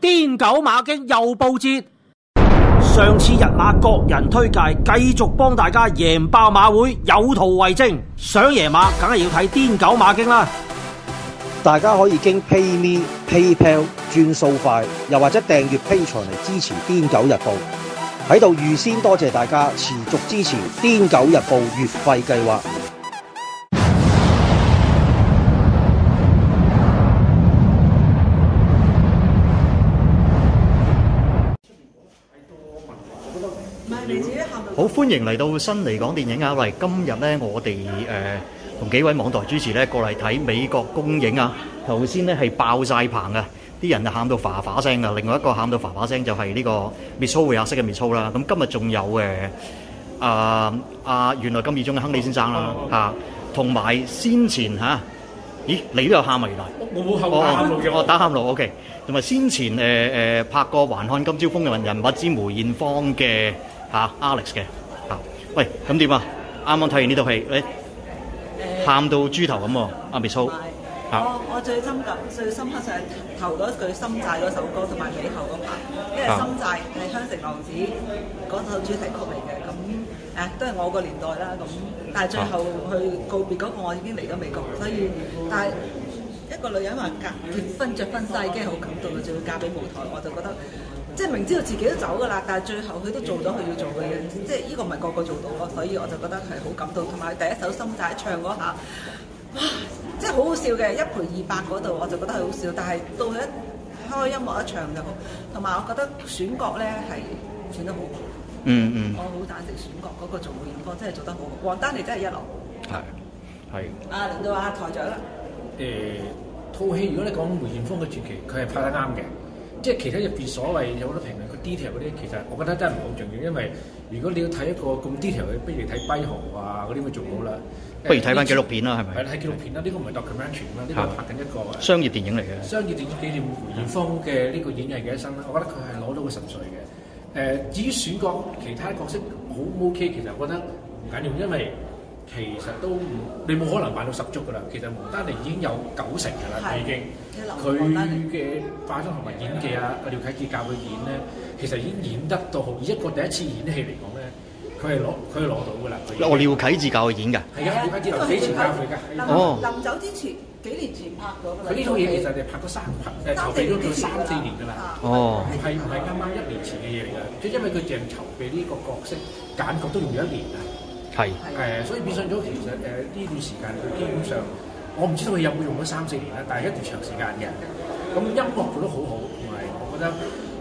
癲狗馬經又報捷，上次日馬各人推介，繼續幫大家贏爆馬會，有圖為證。想贏馬，梗係要睇癲狗馬經啦。大家可以經 PayMe、PayPal 轉數快，又或者訂閱 Patreon 嚟支持癲狗日報。喺度預先多謝大家持續支持癲狗日報月費計劃。好歡迎嚟到新嚟港電影啊！嚟今日咧，我哋誒同幾位網台主持咧過嚟睇美國公映啊！頭先咧係爆晒棚啊！啲人乏乏啊喊到嘩嘩聲噶，另外一個喊到嘩嘩聲就係呢個 Miss Ho 嘅 Miss Ho 啦。咁今日仲有誒啊、呃、啊！原來金義中嘅亨利先生啦、啊、嚇，同、啊、埋先前嚇、啊、咦你都有喊埋嚟，我冇喊，我、哦、打喊路我、哦、打喊路 OK。同埋先前誒誒、呃呃、拍過《還看今朝風雲》人物之梅艷芳嘅。嚇 Alex 嘅喂咁點啊？啱啱睇完呢套戲，喊、哎呃、到豬頭咁喎，阿美蘇我我最深刻、最深刻就投咗嗰句《心債》嗰首歌同埋尾後嗰 part 因為《心債》係、啊《香城浪子》嗰首主題曲嚟嘅，咁、啊、都係我個年代啦。咁但係最後去告別嗰、那個，我已經嚟咗美國，所以但係一個女人話嫁，穿着婚紗已經好感動啦，仲要嫁俾舞台，我就覺得。即係明知道自己都走㗎啦，但係最後佢都做咗佢要做嘅嘢，即係呢個唔係個個做到咯，所以我就覺得係好感動。同埋第一首心債唱嗰下，哇！即係好好笑嘅，一賠二百嗰度我就覺得係好笑，但係到佢一開音樂一唱就，好。同埋我覺得選角咧係選得好好。嗯嗯，我好贊成選角嗰個做梅豔芳真係做得好好，王丹妮真係一流。係係。啊，輪到阿台長啦。誒、欸，套戲如果你講梅豔芳嘅傳奇，佢係拍得啱嘅。即係其他入邊所謂有好多評論，個 detail 嗰啲其實我覺得真係唔係好重要，因為如果你要睇一個咁 detail 嘅，不如睇《跛豪》啊嗰啲會做好啦。不如睇翻紀錄片啦，係咪？係睇紀錄片啦，呢、這個唔係 documentary 咩、啊？呢個拍緊一個商業電影嚟嘅。商業電影,的、啊、業電影紀念梅艷芳嘅呢個演藝嘅一生，我覺得佢係攞到個神髓嘅。誒、呃，至於選角，其他角色好 ok，其實我覺得唔緊要，因為。其實都唔，你冇可能扮到十足噶啦。其實王丹妮已經有九成噶啦，已經。佢嘅化妝同埋演技啊，廖啟智教佢演咧，其實已經演得到好。以一個第一次演戲嚟講咧，佢係攞，佢係攞到噶啦。廖啟智教佢演㗎。係啊，廖啟智幾時教佢㗎。哦。臨走之前，幾年前拍咗㗎。佢呢套嘢其實係拍咗三，誒籌備咗三四年㗎啦。哦。係唔係啱啱一年前嘅嘢嚟㗎？即係因為佢淨籌備呢個角色，揀角都用咗一年啊。係，誒，所以變相咗，其實誒呢、呃、段時間，佢基本上，我唔知道佢有冇用咗三四年啦，但係一段長時間嘅。咁、嗯、音樂做得好好，同埋我覺得，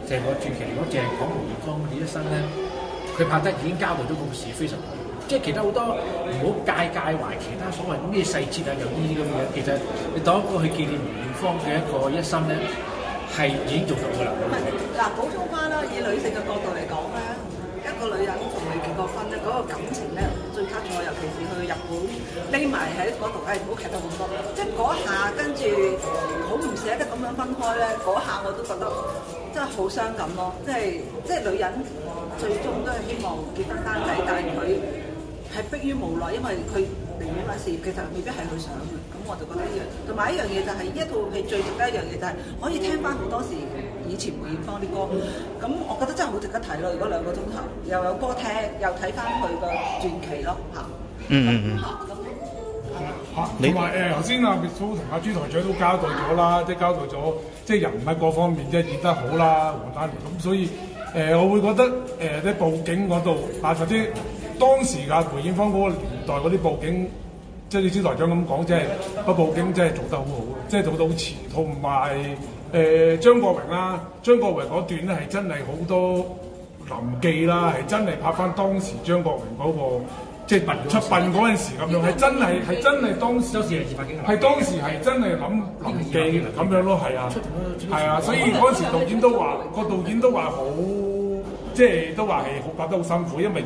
成個傳奇，如果淨係講梅艷芳呢一生咧，佢拍得已經交代咗個事，非常萬，即、就、係、是、其他好多唔好介介懷其他所謂咩細節啊，又呢啲咁嘅，嘢。其實你當一個去紀念梅艷芳嘅一個一生咧，係已經做到㗎啦。嗱，補充返啦，以女性嘅角度嚟講咧，一個女人同你結過婚咧，嗰、那個感情咧。我尤其是去日本，匿埋喺嗰度，唉，好劇得咁多。即係嗰下，跟住好唔捨得咁樣分開咧，嗰下我都覺得真係好傷感咯。即係即係女人最終都係希望結婚生仔，但係佢係迫於無奈，因為佢離唔開事業，其實未必係佢想嘅。咁我就覺得一樣。同埋一樣嘢就係、是、一套戲最值得一樣嘢就係、是、可以聽翻好多時。以前梅艷芳啲歌，咁、mm, 我覺得真係好值得睇咯！如果兩個鐘頭又有歌聽，又睇翻佢嘅傳奇咯，嚇！Mm. 嗯嗯嚇嚇，同埋誒頭先阿蘇同阿朱台長都交代咗啦，即、就、係、是、交代咗即係人物各方面即係演得好啦，胡丹咁，所以誒、呃、我會覺得誒啲佈景嗰度，啊頭先、就是、當時啊梅艷芳嗰個年代嗰啲佈景，即、就、係、是、你朱台長咁講，即係個佈景真係做得好好，即、就、係、是、做到好前，同埋，誒張國榮啦，張國榮嗰段咧係真係好多臨記啦，係真係拍翻當時張國榮嗰、那個即係、就是、出殯嗰陣時咁樣，係真係係真係當時係當時係真係諗臨記咁樣咯，係啊，係啊，所以嗰時導演都話個導演都話好，即、就、係、是、都話係拍得好辛苦，因為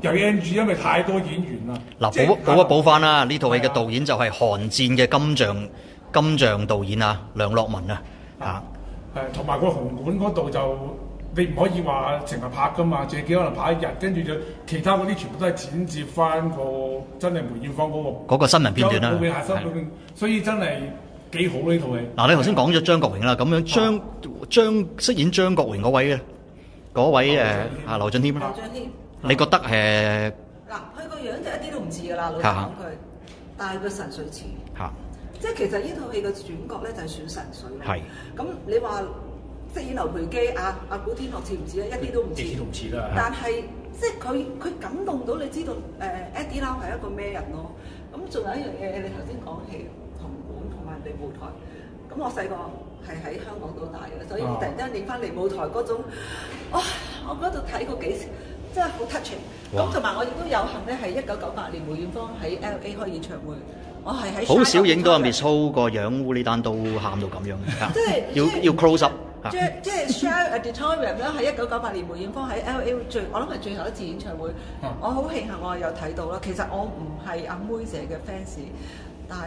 要有 NG，因為太多演員啦。嗱、啊就是、補，補一補翻啦，呢套戲嘅導演就係《寒戰》嘅金像金像導演啊，梁樂文啊，啊，誒，同埋個紅館嗰度就你唔可以話成日拍噶嘛，最屘可能拍一日，跟住就其他嗰啲全部都係剪接翻個真係梅艷芳嗰個嗰個新聞片段啦，係，所以真係幾好啦呢套戲。嗱，你頭先講咗張國榮啦，咁樣張張飾演張國榮嗰位啊嗰位誒啊，劉俊謙啦，你覺得誒？嗱，佢個樣就一啲都唔似噶啦，老實講佢，但係佢神髓似。即係其實的呢套戲嘅轉角咧就係選神水啦。咁、嗯、你話飾演劉培基啊啊古天樂似唔似咧？一啲都唔似。似啦。但係即係佢佢感動到你知道誒 Eddie Lau、呃、係一個咩人咯？咁、嗯、仲有一樣嘢，你頭先講係童館同埋嚟舞台。咁、嗯、我細個係喺香港度大嘅，所以突然間影翻嚟舞台嗰種，啊哦、touching，哇！嗯、我嗰度睇過幾次，真係好 touching 咁同埋我亦都有幸咧，係一九九八年梅艷芳喺 LA 開演唱會。我係喺好少影 到阿 Miss 個樣，烏利丹都喊到咁樣嘅，要 即是 要 close up 即 time。 即即 share a retirement 喺一九九八年梅艷芳喺 LA 最，我諗係最後一次演唱會。 我好慶幸我又睇到啦。其實我唔係阿妹姐嘅 fans，但係。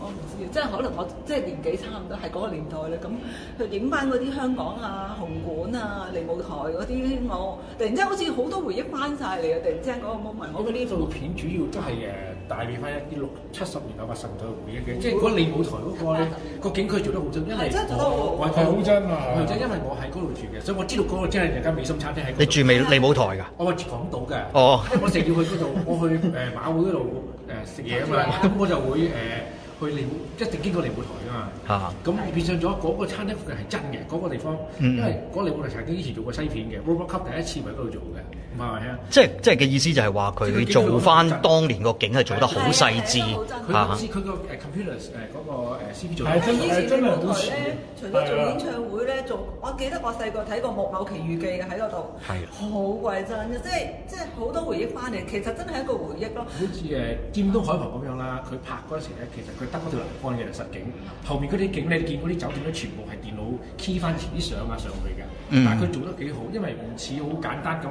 我唔知，即係可能我即係年紀差唔多，係嗰個年代咧，咁去影翻嗰啲香港啊、紅館啊、利舞台嗰啲，我突然之間，突然之間好似好多回憶翻晒嚟啊！突然之間嗰個 moment，我嗰啲片主要都係誒帶翻翻一啲六七十年代、就是那個、八十年代嘅回憶嘅，即係嗰利舞台嗰個咧，個景區做得好真，因為真係好真啊，係真，因為我喺嗰度住嘅，所以我知道嗰個真係人間美心餐廳喺。你住未利舞台㗎？我住港島嘅，哦、因為我成日要去嗰度， 我去誒、呃、馬會嗰度。誒食嘢啊嘛咁、嗯嗯、我就會誒、呃、去嚟一直經過利舞台噶嘛咁我、啊嗯嗯、變相咗、嗰個餐廳附近係真嘅、嗰個地方因為個利舞台曾經以前做過西片嘅 World Cup 第一次喺度做嘅。即係即係嘅意思就係話佢做翻當年景，這個景係做得好細緻嚇。佢個誒 c o m p u t e r 嗰個 c p 做係啊，以前呢舞台除咗做演唱會咧，做我記得我細個睇過某《木偶奇遇記》嘅喺嗰度，係好鬼真嘅，即係即係好多回憶翻嚟，其實真係一個回憶咯。好似誒《尖、啊、東海旁》咁樣啦，佢拍嗰陣時咧，其實佢得嗰條欄杆嘅實景，後面嗰啲景你見嗰啲酒店咧，全部係電腦 key 翻前啲相啊上去嘅。但係佢做得幾好，因為唔似好簡單咁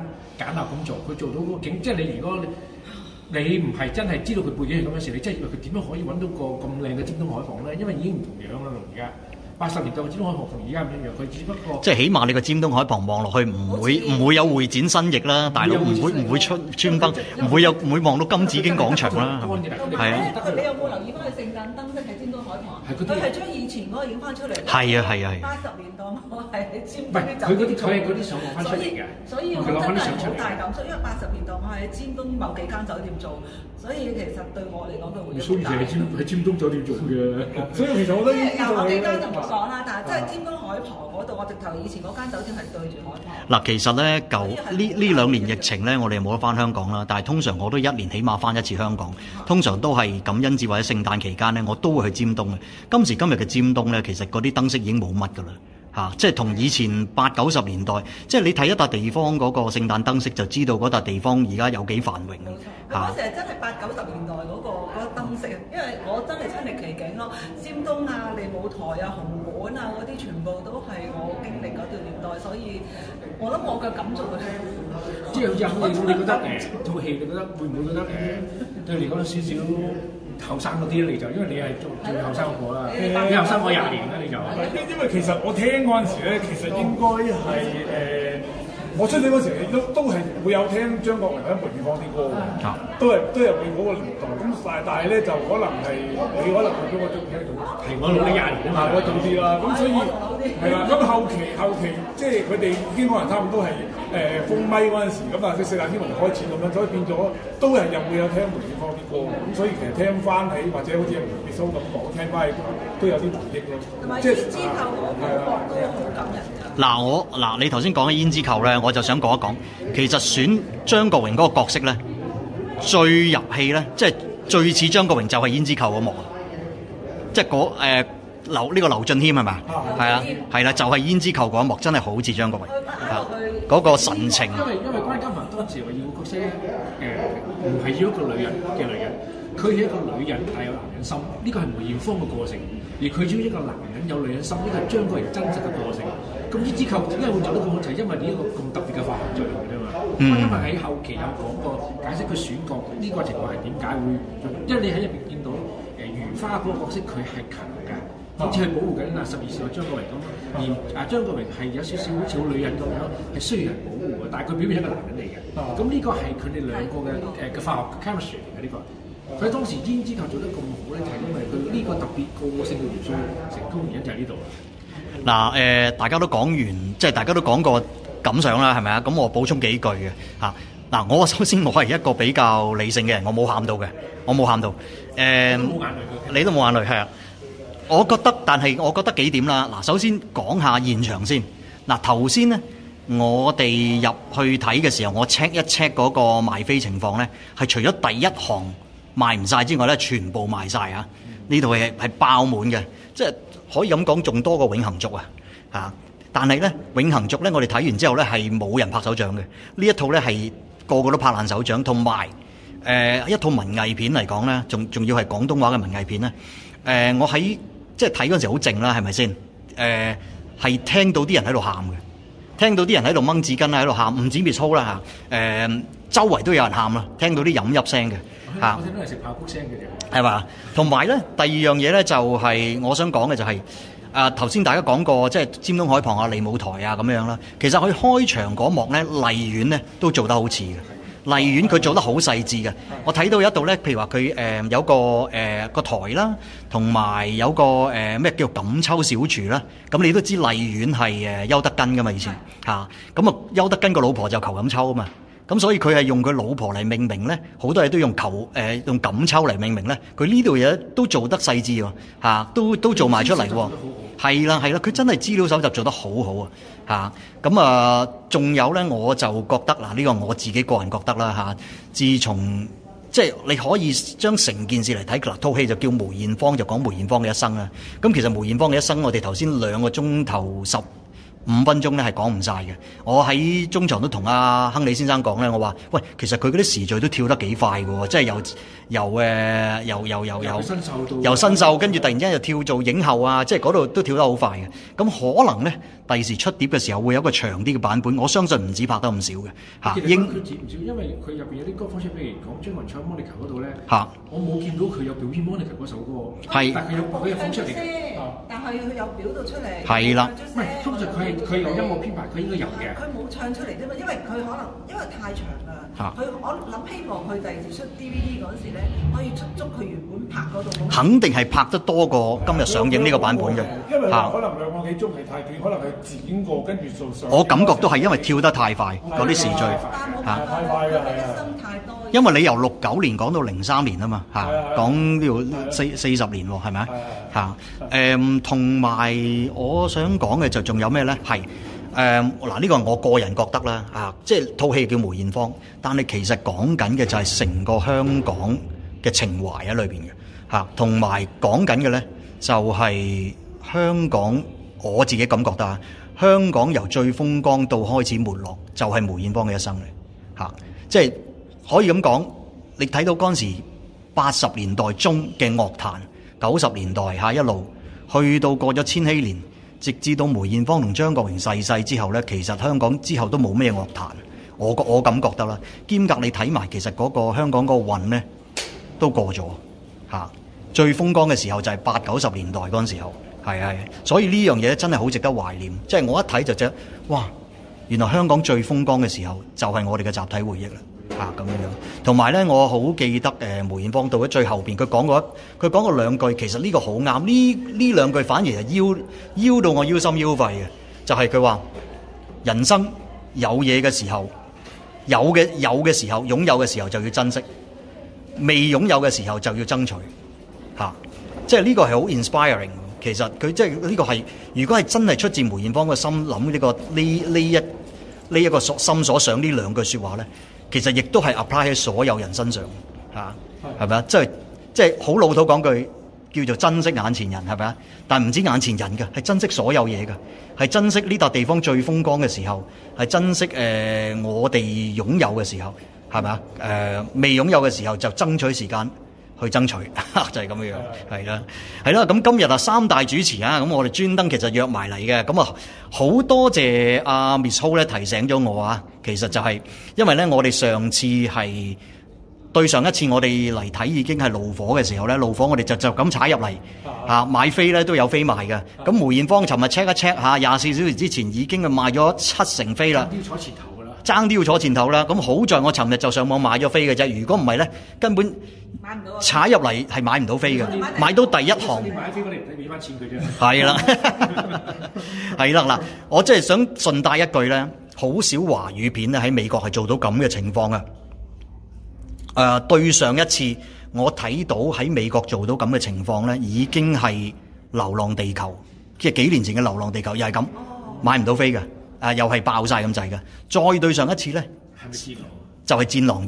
啊！咁做佢做到嗰個景，即係你如果你唔係真係知道佢背景係咁嘅事，你真係以為佢點樣可以揾到個咁靚嘅尖東海房咧？因為已經唔同樣啦，而家。八十年代嘅尖東海旁同而家唔一樣，佢只不過即係起碼你個尖東海旁望落去唔會唔會有會展新翼啦，大佬唔會唔會出專登，唔會有唔會望到金紫荊廣場啦，係咪？係啊！你有冇留意翻佢聖誕燈飾喺尖東海旁？佢係將以前嗰個影翻出嚟。係啊係啊係！八十年代我係尖東唔係佢嗰啲取嗰啲相望翻出嚟㗎。所以所以我真係好大感受，因為八十年代我係尖東某幾間酒店做，所以其實對我嚟講都好難。所以係尖係尖東酒店做嘅，所以其實我覺得。即係嗱，我呢間就話。講啦，但係真係尖東海旁嗰度，我直頭以前嗰間酒店係對住海嗱，其實咧，舊呢呢兩年疫情咧，我哋冇得翻香港啦。但係通常我都一年起碼翻一次香港，通常都係感恩節或者聖誕期間咧，我都會去尖東嘅。今時今日嘅尖東咧，其實嗰啲燈飾已經冇乜㗎啦。嚇、啊！即係同以前八九十年代，即係你睇一笪地方嗰個聖誕燈飾，就知道嗰笪地方而家有幾繁榮。冇錯，咁、啊、嗰時係真係八九十年代嗰、那個嗰、那個、燈飾，因為我真係親歷其境咯。尖東啊、利舞台啊、紅館啊嗰啲，那些全部都係我經歷嗰段年代，所以我諗我嘅感觸嘅咧。即係好似你，你覺得套、 uh, 戲你覺得會唔會覺得？對你講少少。後生嗰啲咧，你就因為你係做做後生嗰個啦，你後生過廿年啦，你就。因為就就就因為其實我聽嗰陣時咧，其實應該係誒。呃我出嚟嗰時候都都係會有聽張國榮同埋梅豔芳啲歌嘅，都係都係佢嗰個年代。咁但係但係咧就可能係你可能喺嗰個都聽唔到。提我努力廿年咁啊，多啲啦。咁、啊、所以係啊。咁、啊啊啊、後期後期即係佢哋已經可能差唔多係、呃、封咪嗰時，咁啊四大天王開始咁樣，所以變咗都係又會有聽梅豔芳啲歌。咁所以其實聽翻起或者好似梅叢咁講，聽翻都有啲回憶咯。同埋胭脂扣，係啊，都有好感人。嗱、啊、我嗱、啊啊、你頭先講嘅胭脂扣咧。我就想講一講，其實選張國榮嗰個角色咧，最入戲咧，即係最似張國榮就係胭脂扣嗰幕，即係嗰呢個劉俊謙係嘛？係、okay. 啊，啦、啊，就係、是、胭脂扣嗰一幕，真係好似張國榮嗰、啊啊啊嗰個神情。因為，因為關嘉文當時話要個角色誒，唔、呃、係要求女人嘅女人。佢係一個女人，但有男人心，呢個係梅艷芳嘅個性；而佢要一個男人，有女人心，呢個係張國榮真實嘅個性。咁呢支劇點解會做得咁好？就係、是、因為呢一個咁特別嘅化學作用啫嘛。因為喺後期有講過解釋佢選角呢、呢個情況係點解會，因為你喺入面見到誒如、呃、花嗰個角色佢係強嘅，好似係保護緊啊十二少張國榮咁。而啊張國榮係有少少好女人咁樣，係需要人保護嘅，但係佢表面係一個男人嚟嘅。咁呢個係佢哋兩個嘅誒嘅化學嘅 chemistry 嘅呢、呢個。喺當時胭脂扣做得咁好咧，就係因為佢呢個特別個性嘅元素，成功原因就喺呢度啦。嗱，誒，大家都講完，即係大家都講過感想啦，係咪啊？咁我補充幾句嘅嚇。嗱，我首先我係一個比較理性嘅人，我冇喊到嘅，我冇喊到。誒，冇眼淚，你都冇眼淚，係啊，我覺得，但係我覺得幾點啦？嗱，首先講下現場先。嗱，頭先咧，我哋入去睇嘅時候，我 check 一 check 嗰個賣飛情況咧，係除咗第一行，.賣唔晒之外咧，全部賣晒。啊、嗯！呢套嘢係爆滿嘅，即係可以咁講，仲多過《永恆族》啊！但係咧，《永恆族》咧，我哋睇完之後咧，係冇人拍手掌嘅。呢一套咧係個個都拍爛手掌，同埋誒一套文藝片嚟講咧，仲仲要係廣東話嘅文藝片咧。誒、呃，我喺即係睇嗰陣時好靜啦，係咪先？誒、呃，係聽到啲人喺度喊嘅，聽到啲人喺度掹紙巾啦，喺度喊唔止 Miss Ho 啦吓，周圍都有人喊啦，聽到啲飲泣聲嘅。嚇！我都係食爆谷聲嘅係嘛？同埋咧，第二樣嘢咧就係、是、我想講嘅就係誒頭先大家講過，即係尖東海旁啊、利舞台啊咁樣啦。其實佢開場嗰幕咧荔園咧都做得好似嘅，荔園佢做得好細緻嘅。我睇到有一度咧，譬如話佢誒有個誒、呃、個台啦、啊，同埋有個誒咩、呃、叫做錦秋小廚啦、啊。咁你都知荔園係誒邱德根噶嘛以前嚇，咁啊邱德根個老婆就裘錦秋啊嘛。咁所以佢係用佢老婆嚟命名咧，好多嘢都用球誒、呃、用錦秋嚟命名咧。佢呢度嘢都做得細緻喎、啊，都都做埋出嚟喎。係啦係啦，佢真係資料蒐集做得好好啊，咁啊，仲有咧，我就覺得嗱，呢、啊呢個我自己個人覺得啦、啊、自從即係、就是、你可以將成件事嚟睇，嗱套戲就叫梅艷芳，就講梅艷芳嘅一生啦。咁、啊、其實梅艷芳嘅一生，我哋頭先兩個鐘頭十五分鐘咧係講唔晒嘅。我喺中場都同阿、啊、亨利先生講咧，我話：喂，其實佢嗰啲時序都跳得幾快嘅喎，即係由由誒，由、呃、由由由新秀到，由新秀跟住突然之間又跳做影后啊！即係嗰度都跳得好快嘅。咁、嗯嗯、可能咧，第二時出碟嘅時候會有一個長啲嘅版本。我相信唔止拍得唔少嘅嚇。英、啊、因為佢入邊有啲歌曲出，譬如講張雲唱《Monica》嗰度咧嚇，我冇見到佢有，有，有，有表演《m o Monica》嗰首歌喎，係但係有嗰啲嘢放出嚟，但係佢有表到出嚟係啦。喂，其佢有音樂編排，佢應該有嘅。佢冇唱出嚟啫嘛，因為佢可能因為太長啦。佢我諗希望佢第二時出 DVD 嗰時咧，可以出足佢原本拍嗰度。肯定係拍得多過今日上映呢個版本嘅。因為佢可能兩個幾鐘係太短，可能係剪過跟住做上。我感覺都係因為跳得太快嗰啲時序嚇太快嘅，心太多。因為你由六九年講到零三年啊嘛嚇，講要四四十年喎係咪嚇？誒同埋我想講嘅就仲有咩咧？係，誒、呃，嗱，呢個我個人覺得啦，啊，即係套戲叫梅艷芳，但係其實講緊嘅就係成個香港嘅情懷喺裏邊嘅，吓、啊，同埋講緊嘅呢，就係、是、香港，我自己感覺啦、啊，香港由最風光到開始沒落，就係、是、梅艷芳嘅一生嘅，吓、啊，即係可以咁講，你睇到嗰陣時八十年代中嘅樂壇，九十年代下、啊、一路，去到過咗千禧年。直至到梅艷芳同張國榮逝世之後，呢其實香港之後都冇咩樂壇，我覺我感覺得啦。兼夾你睇埋，其實嗰個香港個運呢都過咗吓。最風光嘅時候就係八九十年代嗰陣時候，係係。所以呢樣嘢真係好值得懷念。即係我一睇就啫，哇！原來香港最風光嘅時候就係我哋嘅集體回憶啦。咁、啊、樣同埋咧，我好記得誒、呃。梅艷芳到咗最後面，佢講過一，佢講過兩句。其實呢個好啱呢呢兩句，反而係腰腰到我腰心腰肺嘅。就係佢話人生有嘢嘅時候，有嘅有嘅時候，擁有嘅時候就要珍惜；未擁有嘅時候就要爭取。啊、即係呢個係好 inspiring。其實佢即係呢個係如果係真係出自梅艷芳個心、呢個心諗呢個呢呢一呢一個所、呢個呢個、心所想呢兩句說話咧。其實亦都係 apply 喺所有人身上吓，係咪啊？即係即係好老土講句，叫做珍惜眼前人係咪啊？但唔止眼前人嘅，係珍惜所有嘢嘅，係珍惜呢笪地方最風光嘅時候，係珍惜、呃、我哋擁有嘅時候，係咪啊？呃，未擁有嘅時候就爭取時間。去爭取，就係、是、咁樣係啦，係啦。咁、 嗯、今日啊，三大主持啊，咁我哋專登其實約埋嚟嘅。咁、嗯、啊，好多謝阿 Miss Ho 咧提醒咗我啊。其實就係因為咧，我哋上次係對上一次我哋嚟睇已經係怒火嘅時候咧，怒火我哋就就咁踩入嚟啊，買飛咧都有飛賣嘅。咁、嗯、梅艷芳尋日 check 一 check 吓，廿四小時之前已經賣咗七成飛啦。爭啲要坐前頭啦，咁好在我尋日就上網買咗飛嘅啫。如果唔係咧，根本買唔到踩入嚟係買唔到飛嘅，買到第一行。買飛俾翻錢佢啫。係啦，係啦嗱，我真係想順帶一句咧，好少華語片咧喺美國係做到咁嘅情況啊！誒，對上一次我睇到喺美國做到咁嘅情況咧，已經係《流浪地球》，即係幾年前嘅《流浪地球》又係咁買唔到飛嘅。啊！又係爆晒咁滯噶，再對上一次咧，就係、係《戰狼二》。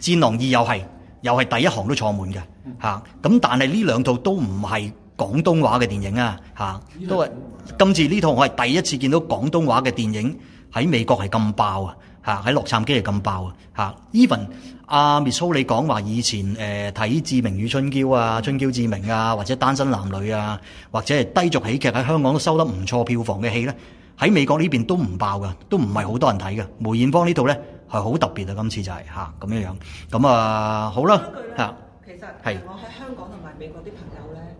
《戰狼二》又係又係第一行都坐滿嘅咁、啊、但係呢兩套都唔係廣東話嘅電影啊嚇、啊，都係今次呢套我係第一次見到廣東話嘅電影喺美國係咁爆啊喺、啊、洛杉磯係咁爆啊 Even 阿 Miss Ho 你講話以前睇《志、呃、明與春嬌》啊，《春嬌志明》啊，或者《單身男女》啊，或者係低俗喜劇喺香港都收得唔錯票房嘅戲咧。喺美國呢邊都唔爆㗎，都唔係好多人睇㗎。梅艷芳這呢度咧係好特別啊！今次就係、是、吓，咁、啊、樣樣，咁啊好啦嚇、啊。其實係我喺香港同埋美國啲朋友咧，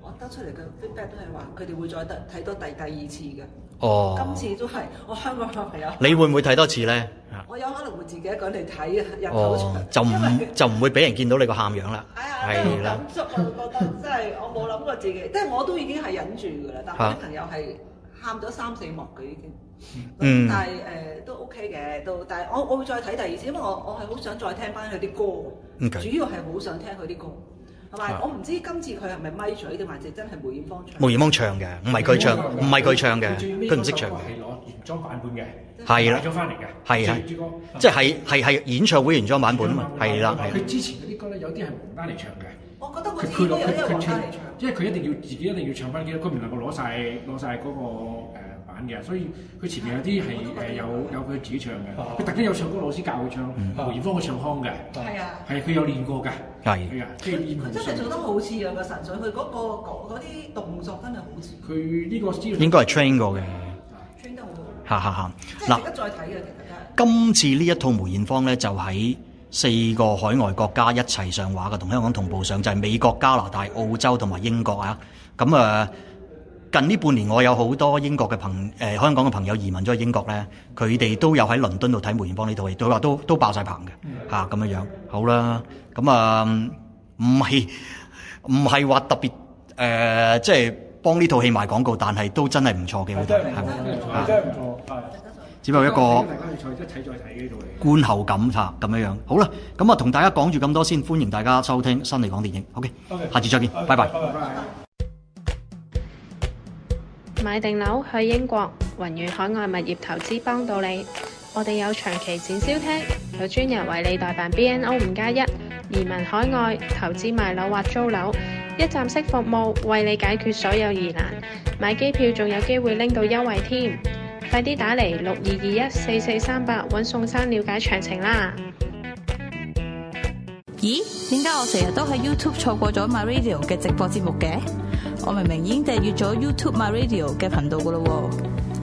我得出嚟嘅 feedback 都係話，佢哋會再睇多第第二次嘅。哦，今次都係我香港嘅朋友。你會唔會睇多次咧？我有可能會自己一個人睇啊，入口、哦、就唔就唔會俾人見到你個喊樣啦。係、哎、啦，所以我就、啊、覺得即係我冇諗過自己，即 係我都已經係忍住㗎啦。但係啲朋友係。喊咗三四幕嘅已經，但係誒都 OK 嘅，都但係我我會再睇第二次，因為我我係好想再聽翻佢啲歌，主要係好想聽佢啲歌，係咪？我唔知今次佢係咪咪嘴呢啲，還是真係梅艷芳唱？梅艷芳唱嘅，唔係佢唱，唔係佢唱嘅，佢唔識唱嘅。係攞原裝版本嘅，係啦，攞咗翻嚟嘅，係啊，即係即係係演唱會原裝版本啊嘛，係啦，佢之前嗰啲歌咧，有啲係黃丹嚟唱嘅。佢佢落佢佢唱，即係佢一定要自己一定要唱翻幾多歌，唔能夠攞晒攞曬嗰個版嘅，所以佢前面有啲係誒有有佢自己唱嘅，佢特登有唱歌老師教佢唱，梅、嗯、艷芳佢唱腔嘅，係、嗯、啊，係佢有練過㗎，係，係啊，即係佢真係做得好似啊！佢純粹佢嗰個嗰啲動作真係好似的。佢呢個應該係 train 過嘅，train、嗯、得很好到。哈哈哈！嗱，一、啊、再睇嘅其實今次呢一套梅艷芳咧就喺、是。四個海外國家一齊上畫嘅，同香港同步上就係、是、美國、加拿大、澳洲同埋英國啊。咁啊，近呢半年，我有好多英國嘅朋誒，香港嘅朋友移民咗去英國咧，佢哋都有喺倫敦度睇梅艷芳呢套戲，對話都都爆晒棚嘅嚇咁樣樣。好啦，咁啊唔係唔係話特別誒，即、呃、係、就是、幫呢套戲賣廣告，但係都真係唔錯嘅。真係唔只有一個觀後感嚇咁樣樣，好啦，咁啊同大家講住咁多先，歡迎大家收聽新嚟講電影，OK，下次再見，拜拜。買定樓去英國，雲越海外物業投資幫到你，我哋有長期展銷廳，有專人為你代辦 BNO 五加一移民海外投資賣樓或租樓，一站式服務為你解決所有疑難，買機票仲有機會拎到優惠添。快啲打嚟六二二一四四三八，搵宋生了解詳情啦。咦？點解我成日都喺 YouTube 錯過咗 My Radio 嘅直播節目嘅？我明明已經訂閱咗 YouTube My Radio 嘅頻道噶啦喎。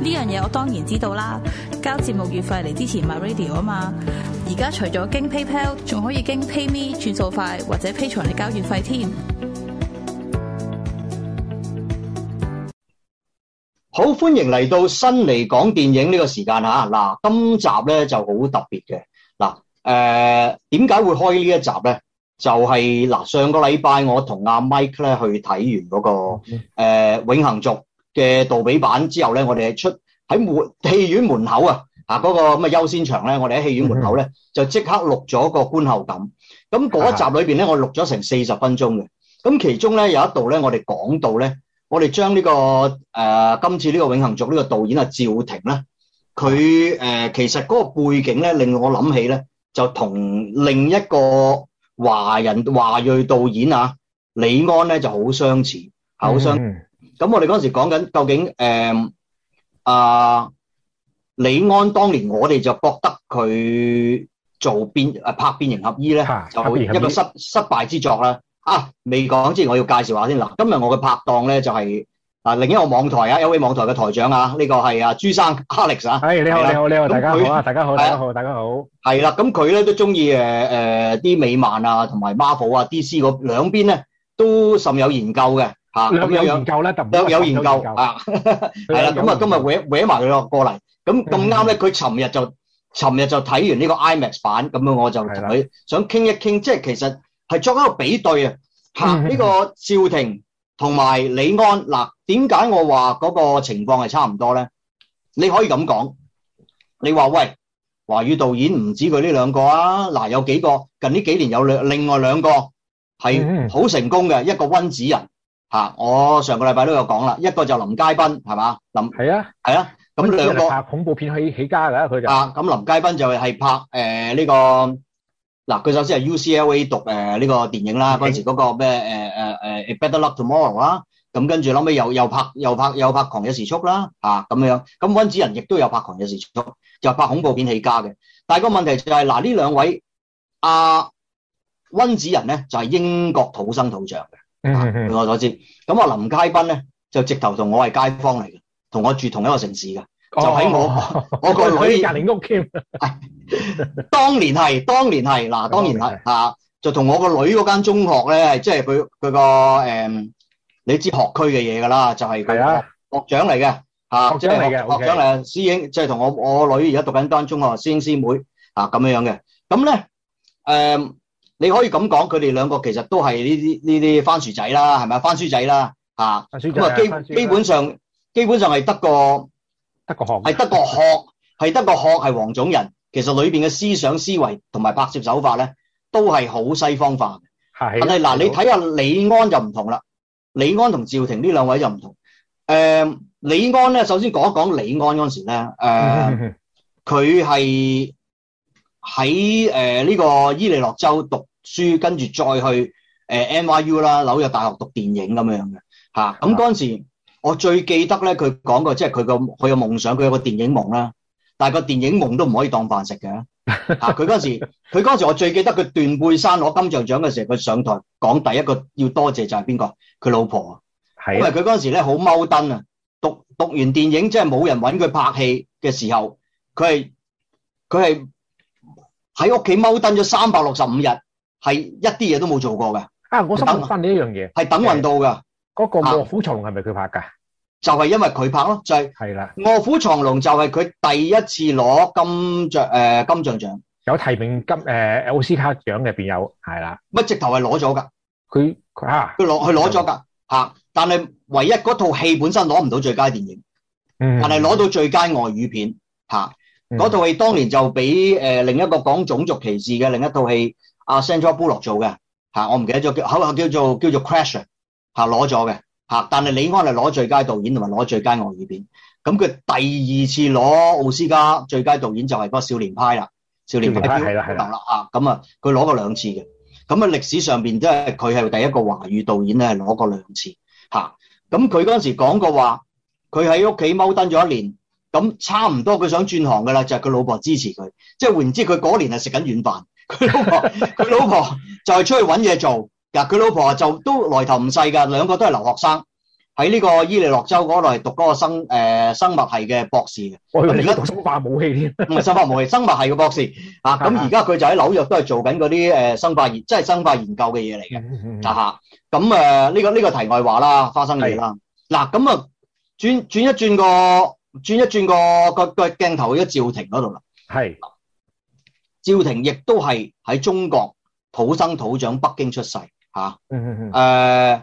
呢樣嘢我當然知道啦，交節目月費嚟之前買 radio 啊嘛。而家除咗經 PayPal，仲可以經 PayMe 轉數快或者 Pay 財嚟交月費添。好歡迎嚟到新嚟港電影呢個時間嚇嗱，今集咧就好特別嘅嗱誒，點、啊、解、呃、會開呢一集咧？就係、是、嗱、啊、上個禮拜我同阿 Mike 咧去睇完嗰、那個、呃、永恆族》。嘅杜比版之後咧，我哋係出喺門戲院門口啊，啊嗰個咁嘅優先場咧，我哋喺戲院門口咧就即刻錄咗個觀後感。咁嗰一集裏邊咧，我錄咗成四十分鐘嘅。咁其中咧有一度咧，我哋講到咧，我哋將呢個誒今次呢個《永恆族》呢個導演啊趙婷咧，佢誒其實嗰個背景咧令我諗起咧，就同另一個華人華裔導演啊李安咧就好相似，好相。咁我哋嗰時講緊究竟誒、嗯、啊李安當年我哋就覺得佢做變、啊、拍《變形俠醫》咧、啊，就一個失俠醫俠醫失敗之作啦、啊。啊，未講之前我要介紹下先啦。今日我嘅拍檔咧就係、是、啊另一個網台啊，一位網台嘅台長啊，呢、這個係啊朱生 Alex 啊。誒，你好，你好，你好，大家好啊，大家好，大家好，大家好。係啦，咁佢咧都中意啲美漫啊，同埋 Marvel 啊、DC 嗰兩邊咧都甚有研究嘅。啊、有研究呢，啊、有研究，係啦，咁啊，啊啊啊 今日搵搵埋佢咯，過嚟，咁咁啱咧，佢尋日就尋日就睇完呢個 IMAX 版，咁樣我就同佢想傾一傾，即係其實係作一個比對啊，呢、呢個趙婷同埋李安嗱，點、啊、解我話嗰個情況係差唔多咧？你可以咁講，你話喂華語導演唔止佢呢兩個啊，嗱、啊、有幾個近呢幾年有另外兩個係好成功嘅一個温子仁。」吓、啊！我上個禮拜都有講啦，一個就林嘉斌，係嘛？林係啊，係啊。咁兩個就拍恐怖片起起家噶，佢、呃、就、這個、啊。咁林嘉斌就係拍誒呢個嗱，佢首先係 UCLA 讀誒呢個電影啦。嗰時嗰、那個咩誒誒誒 Better Luck Tomorrow 啦。咁跟住諗屘又又拍又拍又拍狂野時速啦，吓、啊、咁樣。咁温子仁亦都有拍狂野時速，就拍恐怖片起家嘅。但係個問題就係、是、嗱，呢、啊、兩位啊温子仁咧就係、是、英國土生土長嘅。據、 嗯、我所知，咁啊林佳賓咧就直頭同我係街坊嚟嘅，同我住同一個城市嘅，就喺我 oh, oh, oh, 我個女 隔籬屋企係當年係，當年係，嗱，當年係、啊啊、就同我個女嗰間中學咧，即係佢佢個誒，你知學區嘅嘢噶啦，就係、是、佢學長嚟嘅吓，學長嚟嘅、okay，學長嚟嘅，師兄，即係同我我女而家讀緊間中學，師兄師妹啊咁樣樣嘅，咁咧誒。嗯你可以咁講，佢哋兩個其實都係呢啲呢啲番薯仔啦，係咪番薯仔啦，咁、嗯、啊，基、嗯嗯、基本上基本上係得個得個殼，係得個殼，係得個殼，係黃種人。其實裏面嘅思想思維同埋拍攝手法咧，都係好西方化。但係嗱，你睇下李安就唔同啦。李安同趙婷呢兩位就唔同。誒、呃，李安咧，首先講一講李安嗰時咧，誒、呃，佢 係。喺誒呢個伊利諾州讀書，跟住再去誒、呃、NYU 啦，紐約大學讀電影咁樣嘅嚇。咁、啊、嗰陣時，我最記得咧，佢講過，即係佢個佢個夢想，佢有個電影夢啦。但係個電影夢都唔可以當飯食嘅。佢嗰陣時，佢 嗰陣時，我最記得佢斷背山攞金像獎嘅時候，佢上台講第一個要多謝就係邊個？佢老婆啊，因為佢嗰陣時咧好踎燈啊，讀讀完電影即係冇人揾佢拍戲嘅時候，佢係佢係。喺屋企踎登咗三百六十五日，係一啲嘢都冇做過嘅。啊，我心諗翻呢一樣嘢，係等運到噶。嗰個臥虎藏龍係咪佢拍噶就係因為佢拍咯，就係。係啦。臥虎藏龍就係佢第一次攞金、呃、金像誒金像獎，有提名金誒奧斯卡獎入面有，係啦。乜直頭係攞咗噶佢佢吓，佢攞佢攞咗噶吓，但係唯一嗰套戲本身攞唔到最佳電影，嗯、但係攞到最佳外語片吓。嗰套戲當年就俾誒、呃、另一個講種族歧視嘅另一套戲阿、啊、Sandra Bullock 做嘅吓，我唔記得咗叫，吓叫做叫做 Crash 吓，攞咗嘅吓，但係李安係攞最佳導演同埋攞最佳外語片，咁佢第二次攞奧斯卡最佳導演就係嗰個少年派啦，少年派嘅開頭啦啊，咁啊佢攞過兩次嘅，咁啊歷史上邊即係佢係第一個華語導演咧係攞過兩次吓，咁佢嗰時講過話，佢喺屋企踎登咗一年。咁差唔多，佢想轉行噶啦，就係、是、佢老婆支持佢。即係換言之，佢嗰年係食緊軟飯，佢老婆佢 老婆就係出去揾嘢做。嗱，佢老婆就都來頭唔細噶，兩個都係留學生，喺呢個伊利諾州嗰度讀嗰個生、呃、生物系嘅博士。我以為而家讀生化武器添。唔係 生化武器，生物系嘅博士。 啊，咁而家佢就喺紐約都係做緊嗰啲生化研，即係生化研究嘅嘢嚟嘅。咁 呢、啊啊這個呢、這個、題外話啦，花生嘢啦。嗱，咁啊轉轉一轉個轉一轉個個個鏡頭去，去到趙婷嗰度啦。係，趙婷亦都係喺中國土生土長，北京出世吓。誒、啊，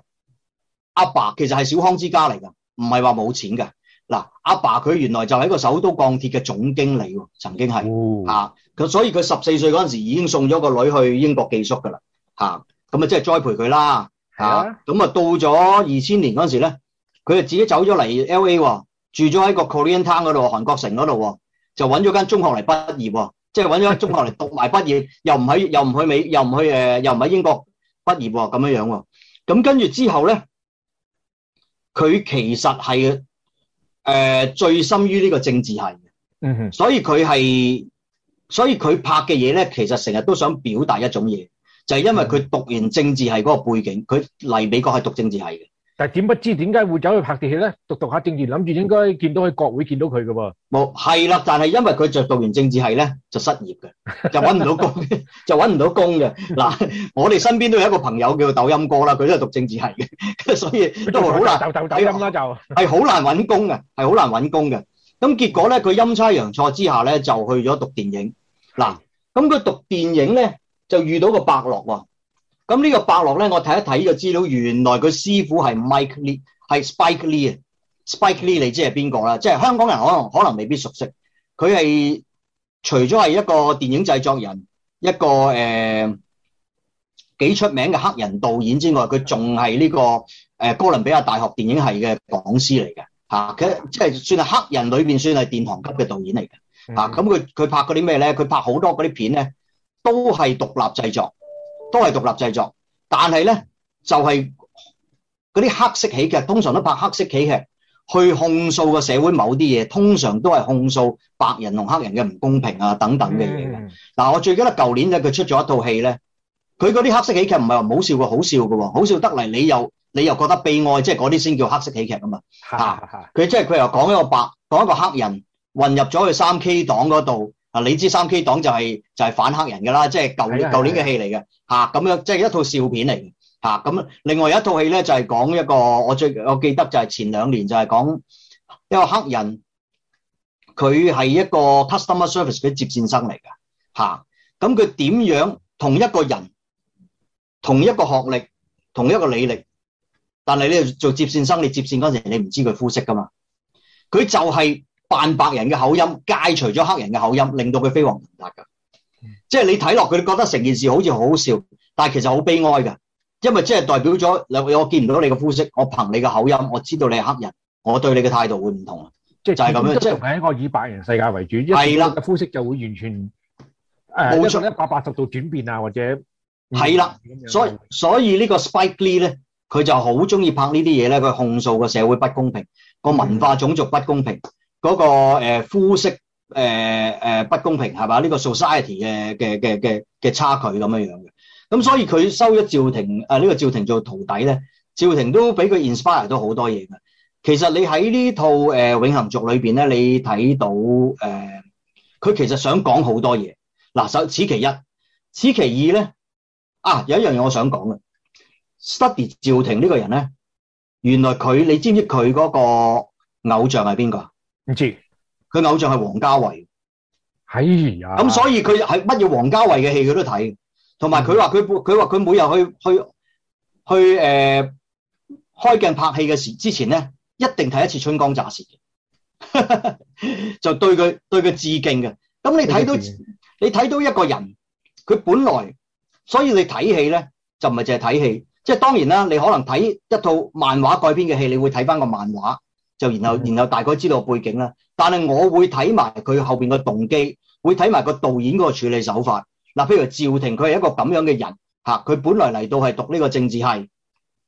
阿 爸、啊、其實係小康之家嚟噶，唔係話冇錢㗎。嗱、啊，阿爸佢原來就係一個首都鋼鐵嘅總經理，曾經係咁、哦啊、所以佢十四歲嗰陣時，已經送咗個女去英國寄宿噶啦。吓，咁啊，即係栽培佢啦。咁啊，啊啊就到咗二千年嗰陣時咧，佢就自己走咗嚟 L A。住咗喺個 Korean town 嗰度，韓國城嗰度，就揾咗間中學嚟畢業，即係揾咗間中學嚟讀埋畢業， 又唔喺又唔去美，又唔去又唔喺英國畢業咁樣樣喎。咁跟住之後咧，佢其實係誒、呃、醉心於呢個政治系嘅、mm -hmm.，所以佢係，所以佢拍嘅嘢咧，其實成日都想表達一種嘢，就係、是、因為佢讀完政治系嗰個背景，佢嚟美國係讀政治系嘅。但點不知點解會走去拍電影咧？讀讀下政治，諗住應該見到去國會見到佢嘅喎。冇係啦，但係因為佢着讀完政治系咧，就失業嘅，就搵唔到工， 就搵唔到工嘅。嗱， 我哋身邊都有一個朋友叫做抖音哥啦，佢都係讀政治系嘅，所以都好難。豆豆仔咁啦，就係好 難搵工嘅，係好難搵工嘅。咁結果咧，佢陰差陽錯之下咧，就去咗讀電影。嗱，咁佢讀電影咧，就遇到個伯樂。咁呢個伯樂咧，我睇一睇就知道，原來佢師傅係 Mike Lee，係 Spike Lee 啊。Spike Lee 你知係邊個啦？即係香港人可能可能未必熟悉。佢係除咗係一個電影製作人，一個誒幾出名嘅黑人導演之外，佢仲係呢個誒、呃、哥倫比亞大學電影系嘅講師嚟嘅嚇。即係算係黑人裏面算係殿堂級嘅導演嚟嘅嚇。咁佢佢拍嗰啲咩咧？佢拍好多嗰啲片咧，都係獨立製作。都係獨立製作，但係咧就係嗰啲黑色喜劇，通常都拍黑色喜劇去控訴個社會某啲嘢，通常都係控訴白人同黑人嘅唔公平啊等等嘅嘢。嗱、mm. 啊，我最記得舊年咧，佢出咗一套戲咧，佢嗰啲黑色喜劇唔係話唔好笑嘅，好笑嘅喎、哦，好笑得嚟你又你又覺得悲哀，即係嗰啲先叫黑色喜劇啊嘛。嚇、 就是，佢即係佢又講一個白，講一個黑人混入咗去三 K 黨嗰度。啊！你知三 K 黨就係、是、就係、是、反黑人噶啦，即係舊舊年嘅戲嚟嘅嚇，咁樣即係一套笑片嚟嘅嚇。咁、啊、另外有一套戲咧，就係、是、講一個我最我記得就係前兩年就係講一個黑人，佢係一個 customer service 嘅接線生嚟嘅嚇。咁佢點樣同一個人、同一個學歷、同一個履歷，歷，但係你做接線生，你接線嗰陣你唔知佢膚色噶嘛？佢就係、是。扮白人嘅口音，戒除咗黑人嘅口音，令到佢飛黃騰達噶。即係你睇落佢，覺得成件事好似好好笑，但係其實好悲哀噶。因為即係代表咗兩，我見唔到你嘅膚色，我憑你嘅口音，我知道你係黑人，我對你嘅態度會唔同。即係就係、是、咁樣，即係喺一個以白人世界為主，係啦，嘅膚色就會完全誒一百八十度轉變啊，或者係啦。所以所以呢個 Spike Lee 咧，佢就好中意拍呢啲嘢咧。佢控訴個社會不公平，個文化種族不公平。嗯嗯嗰、那個誒、呃、膚色誒誒不公平係嘛？呢、這個 society 嘅嘅嘅嘅嘅差距咁樣嘅，咁所以佢收咗趙婷啊呢、這個趙婷做徒弟咧，趙婷都俾佢 inspire 到好多嘢嘅。其實你喺呢套誒、呃《永恆族》裏面咧，你睇到誒，佢、呃、其實想講好多嘢。嗱、呃，首此其一，此其二咧，啊有一樣嘢我想講嘅，study 趙婷呢個人咧，原來佢你知唔知佢嗰個偶像係邊個？唔知佢偶像係王家衛，哎呀，咁所以佢喺乜嘢王家衛嘅戲佢都睇，同埋佢話佢佢話佢每日去去去誒、呃、開鏡拍戲嘅時之前咧，一定睇一次春光乍泄， 就對佢對佢致敬嘅。咁你睇到你睇到一個人，佢本來所以你睇戲咧就唔係淨係睇戲，即、就、係、是、當然啦，你可能睇一套漫畫改編嘅戲，你會睇翻個漫畫。就然後，然後大概知道背景啦。但係我會睇埋佢後面個動機，會睇埋個導演個處理手法。嗱，譬如趙婷，佢係一個咁樣嘅人，佢本來嚟到係讀呢個政治系，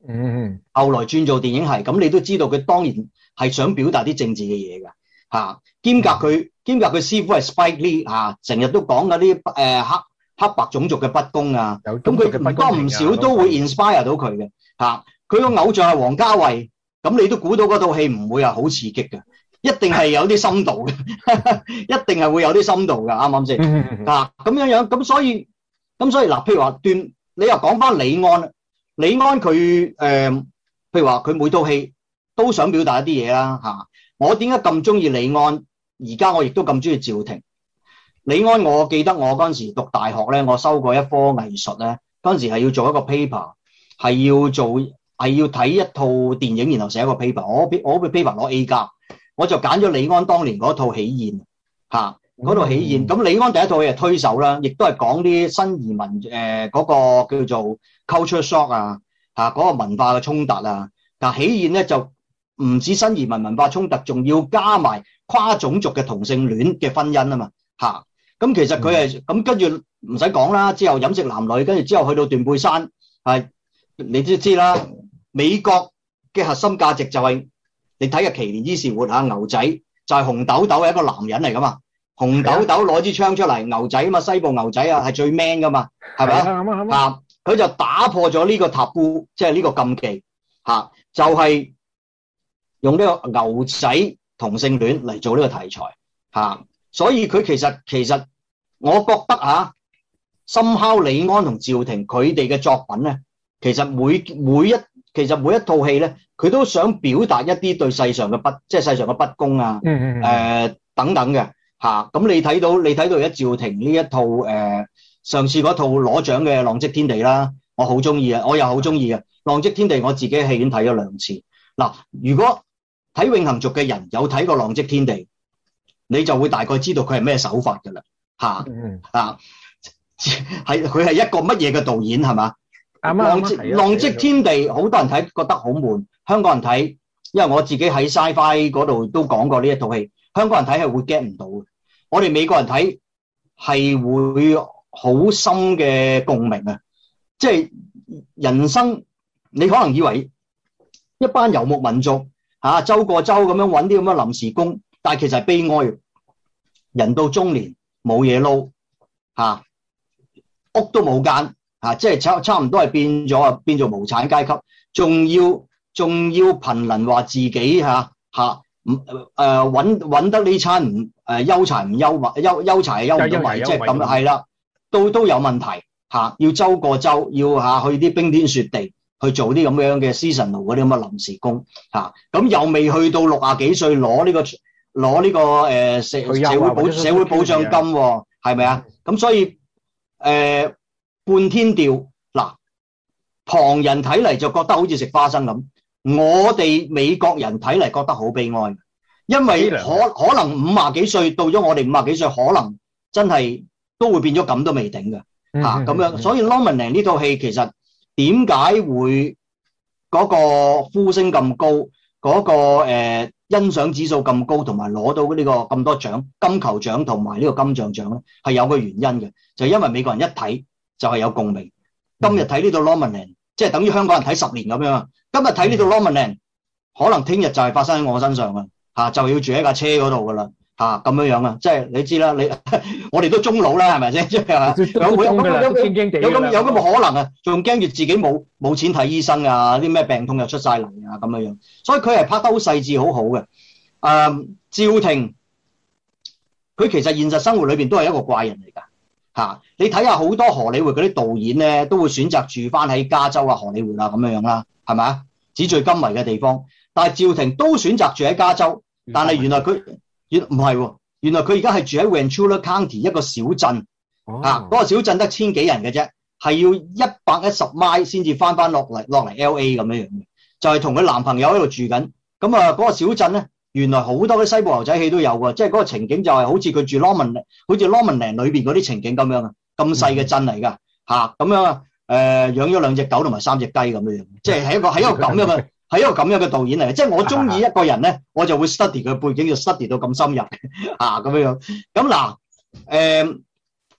嗯，後來轉做電影系。咁你都知道佢當然係想表達啲政治嘅嘢嘅，嚇。兼夾佢兼夾佢師傅係 Spike Lee 成日都講啲黑黑白種族嘅不公啊。咁佢唔多唔少都會 inspire 到佢嘅嚇。佢個偶像係王家衞。咁你都估到嗰套戲唔會係好刺激嘅，一定係有啲深度嘅， 一定係會有啲深度嘅，啱唔啱先？啊，咁樣樣，咁所以，咁所以嗱，譬如話段，你又講翻李安，李安佢誒、呃，譬如話佢每套戲都想表達一啲嘢啦嚇。我點解咁中意李安？而家我亦都咁中意趙婷。李安，我記得我嗰陣時讀大學咧，我收過一科藝術咧，嗰陣時係要做一個 paper，係要做。係要睇一套電影，然後寫一個 paper 我。我篇我嗰篇 paper 攞 A 加，我就揀咗李安當年嗰套《喜宴》吓，嗰套《喜宴》，咁李安第一套嘢《推手》啦，亦都係講啲新移民誒嗰、呃那個叫做 culture shock 啊吓，嗰、啊那個文化嘅衝突啊。嗱《喜宴》咧就唔止新移民文化衝突，仲要加埋跨種族嘅同性戀嘅婚姻啊嘛吓。咁其實佢係咁，跟住唔使講啦，之後飲食男女，跟住之後去到斷背山，係你都知啦。美國嘅核心價值就係你睇下奇連伊士活，吓，牛仔，就係紅豆豆係一個男人嚟噶嘛？紅豆豆攞支槍出嚟，牛仔嘛，西部牛仔啊，係最 man 噶嘛，係咪啊？佢就打破咗呢個 taboo，即係呢個禁忌，吓，就係用呢個牛仔同性戀嚟做呢個題材，吓所以佢其實其實我覺得吓，深敲李安同趙婷佢哋嘅作品咧，其實每每一其實每一套戲咧，佢都想表達一啲對世上嘅不，即係世上嘅不公啊，呃、等等嘅咁、啊、你睇到你睇到趙婷呢一套、呃、上次嗰套攞獎嘅《浪跡天地》啦，我好中意啊，我又好中意嘅《浪跡天地》，我自己喺戲院睇咗兩次。嗱、啊，如果睇《永恆族》嘅人有睇過《浪跡天地》，你就會大概知道佢係咩手法㗎啦，嚇佢係一個乜嘢嘅導演係嘛？浪跡浪跡天地，好多人睇覺得好悶。香港人睇，因為我自己喺 SciFi 嗰度都講過呢一套戲，香港人睇係會 get 唔到嘅。我哋美國人睇係會好深嘅共鳴啊！即係人生，你可能以為一班遊牧民族嚇、啊、周過周咁樣揾啲咁嘅臨時工，但係其實係悲哀。人到中年冇嘢撈嚇，屋都冇間。啊，即係差差唔多係變咗啊，變做無產階級，仲要仲要貧民話自己嚇唔揾得呢餐唔誒憂柴唔憂埋憂憂柴係憂唔到即係咁係啦，都都有問題、啊、要周過周，要下、啊、去啲冰天雪地去做啲咁樣嘅 seasonal 嗰啲咁嘅臨時工嚇，咁、啊啊、又未去到六十攞、呢個攞呢個、啊幾歲攞呢個攞呢個社社會保社會保障金喎，係咪啊？咁、啊啊、所以、啊半天吊嗱，旁人睇嚟就覺得好似食花生咁，我哋美國人睇嚟覺得好悲哀，因為可可能五十幾歲到咗我哋五十幾歲，可能真係都會變咗咁都未頂嘅吓咁樣。所以《Nomadland》呢套戲其實點解會嗰個呼聲咁高，嗰個誒欣賞指數咁高，同埋攞到呢個咁多獎金球獎同埋呢個金像獎咧，係有個原因嘅，就因為美國人一睇。就係、是、有共鳴。今日睇呢度 Nomadland 即係等於香港人睇十年咁樣。今日睇呢度 Nomadland 可能聽日就係發生喺我身上嘅、啊、就要住喺架車嗰度噶啦咁樣樣啊！樣即係你知啦，你 我哋都中老啦，係咪先？即係有咁、這個、有咁可能啊，仲驚住自己冇冇錢睇醫生啊，啲咩病痛又出晒嚟啊，咁樣樣。所以佢係拍得好細緻，好好嘅。嗯，趙婷，佢其實現實生活裏面都係一個怪人嚟㗎。吓、啊！你睇下好多荷里活嗰啲導演咧，都會選擇住翻喺加州啊、荷里活啊咁樣樣啦，係咪啊？紙醉金迷嘅地方，但係趙婷都選擇住喺加州，但係原來佢原唔係喎，原來佢而家係住喺 Ventura County 一個小鎮、哦，啊嗰、那個小鎮得千幾人嘅啫，係要一百一十米先至翻翻落嚟落嚟 LA 咁樣樣嘅，就係同佢男朋友喺度住緊，咁啊嗰、那個小鎮咧。原來好多啲西部牛仔戲都有㗎，即係嗰個情景就係好似佢住 Norman，好似 Normanland 裏邊嗰啲情景咁樣啊，咁細嘅鎮嚟㗎，吓、呃？咁樣誒養咗兩隻狗同埋三隻雞咁樣，即係喺一個喺一個咁樣嘅喺一個咁樣嘅導演嚟嘅，即係我中意一個人咧，我就會 study 佢背景要 study 到咁深入嚇咁、啊、樣。咁嗱誒，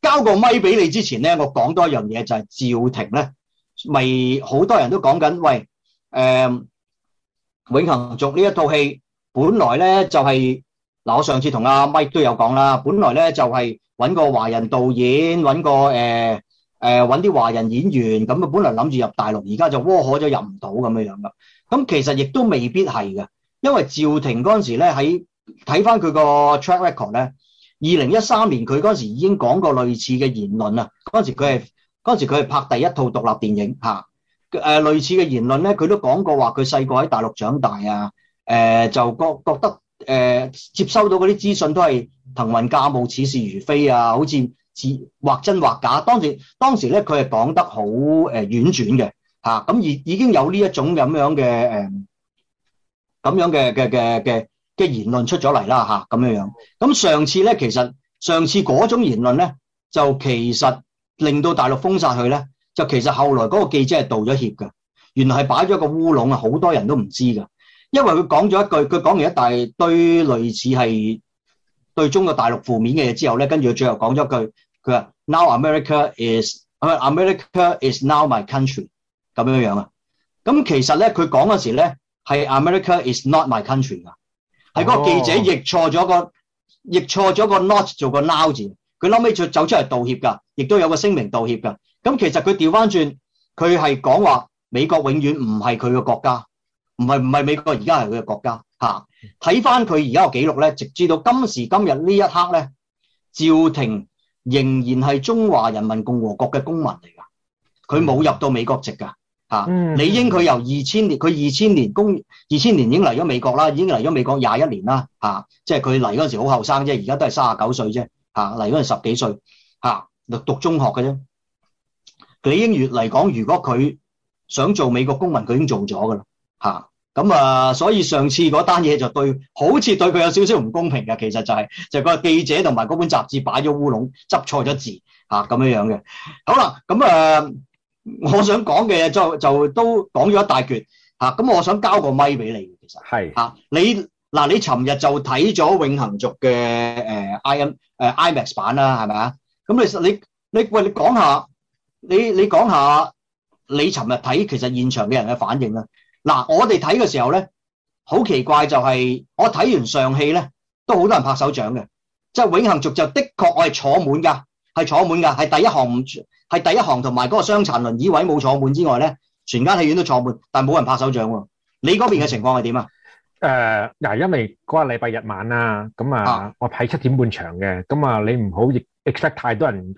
交個咪俾你之前咧，我講多一樣嘢就係趙婷咧，咪好多人都講緊喂誒、呃《永恆族戲》呢一套戲。本來咧就係、是、嗱，我上次同阿 Mike 都有講啦。本來咧就係揾個華人導演，揾個誒誒揾啲華人演員咁啊。本來諗住入大陸，而家就窩可咗入唔到咁樣樣噶。咁其實亦都未必係嘅，因為趙婷嗰陣時咧喺睇翻佢個 track record 咧，二零一三年佢嗰陣時已經講過類似嘅言論啊。嗰陣時佢係嗰陣時佢係拍第一套獨立電影吓誒、啊、類似嘅言論咧，佢都講過話佢細個喺大陸長大啊。誒、呃，就覺覺得誒、呃，接收到嗰啲資訊都係騰雲駕霧、似是而非啊，好似似或真或假。當時當時咧，佢係講得好誒婉轉嘅，吓咁已已經有呢一種咁、嗯嗯、樣嘅誒，咁樣嘅嘅嘅嘅嘅言論出咗嚟啦，吓咁樣樣。咁、啊、上次咧，其實上次嗰種言論咧，就其實令到大陸封殺佢咧，就其實後來嗰個記者係道咗歉嘅，原來係擺咗個烏龍啊，好多人都唔知噶。因為佢講咗一句，佢講完一大堆類似係對中國大陸負面嘅嘢之後咧，跟住佢最後講咗一句，佢話 Now America is，America is now my country 咁樣樣啊。咁其實咧，佢講嗰時咧係 America is not my country 噶，係嗰個記者譯錯咗個、Oh. 譯錯咗個 not 做個 now 字，佢後屘就走出嚟道歉噶，亦都有個聲明道歉噶。咁其實佢調翻轉，佢係講話美國永遠唔係佢嘅國家。唔係唔係美國，而家係佢嘅國家吓。睇翻佢而家個記錄咧，直至到今時今日呢一刻咧，趙婷仍然係中華人民共和國嘅公民嚟噶。佢冇入到美國籍噶吓、嗯。李安佢由二千年，佢二千年公二千年已經嚟咗美國啦，已經嚟咗美國廿一年啦吓。即係佢嚟嗰時好後生啫，現在是而家都係卅九歲啫吓嚟嗰陣十幾歲吓讀中學嘅啫。李安越嚟講，如果佢想做美國公民，佢已經做咗噶啦。吓，咁啊，所以上次嗰單嘢就對，好似對佢有少少唔公平嘅。其實就係、是、就個、是、記者同埋嗰本雜誌擺咗烏龍，執錯咗字吓咁、啊、樣樣嘅。好啦，咁啊，我想講嘅就就都講咗一大卷吓。咁、啊、我想交個咪俾你其實係吓你，嗱，你尋日、啊、就睇咗《永恆族》嘅誒 IM 誒 IMAX 版啦，係咪啊？咁其實你你喂，你講下，下你你講下你尋日睇其實現場嘅人嘅反應啦。嗱、啊，我哋睇嘅時候咧，好奇怪就係、是、我睇完上戲咧，都好多人拍手掌嘅，即、就、係、是、永恆族的確我係坐滿嘅，係坐滿嘅，係第一行，唔係第一行同埋嗰個傷殘輪椅位冇坐滿之外咧，全間戲院都坐滿，但係冇人拍手掌喎。你嗰邊嘅情況係點啊？誒，嗱，因為嗰個禮拜日晚啊，咁啊，我睇七點半場嘅，咁啊，你唔好 expect 太多人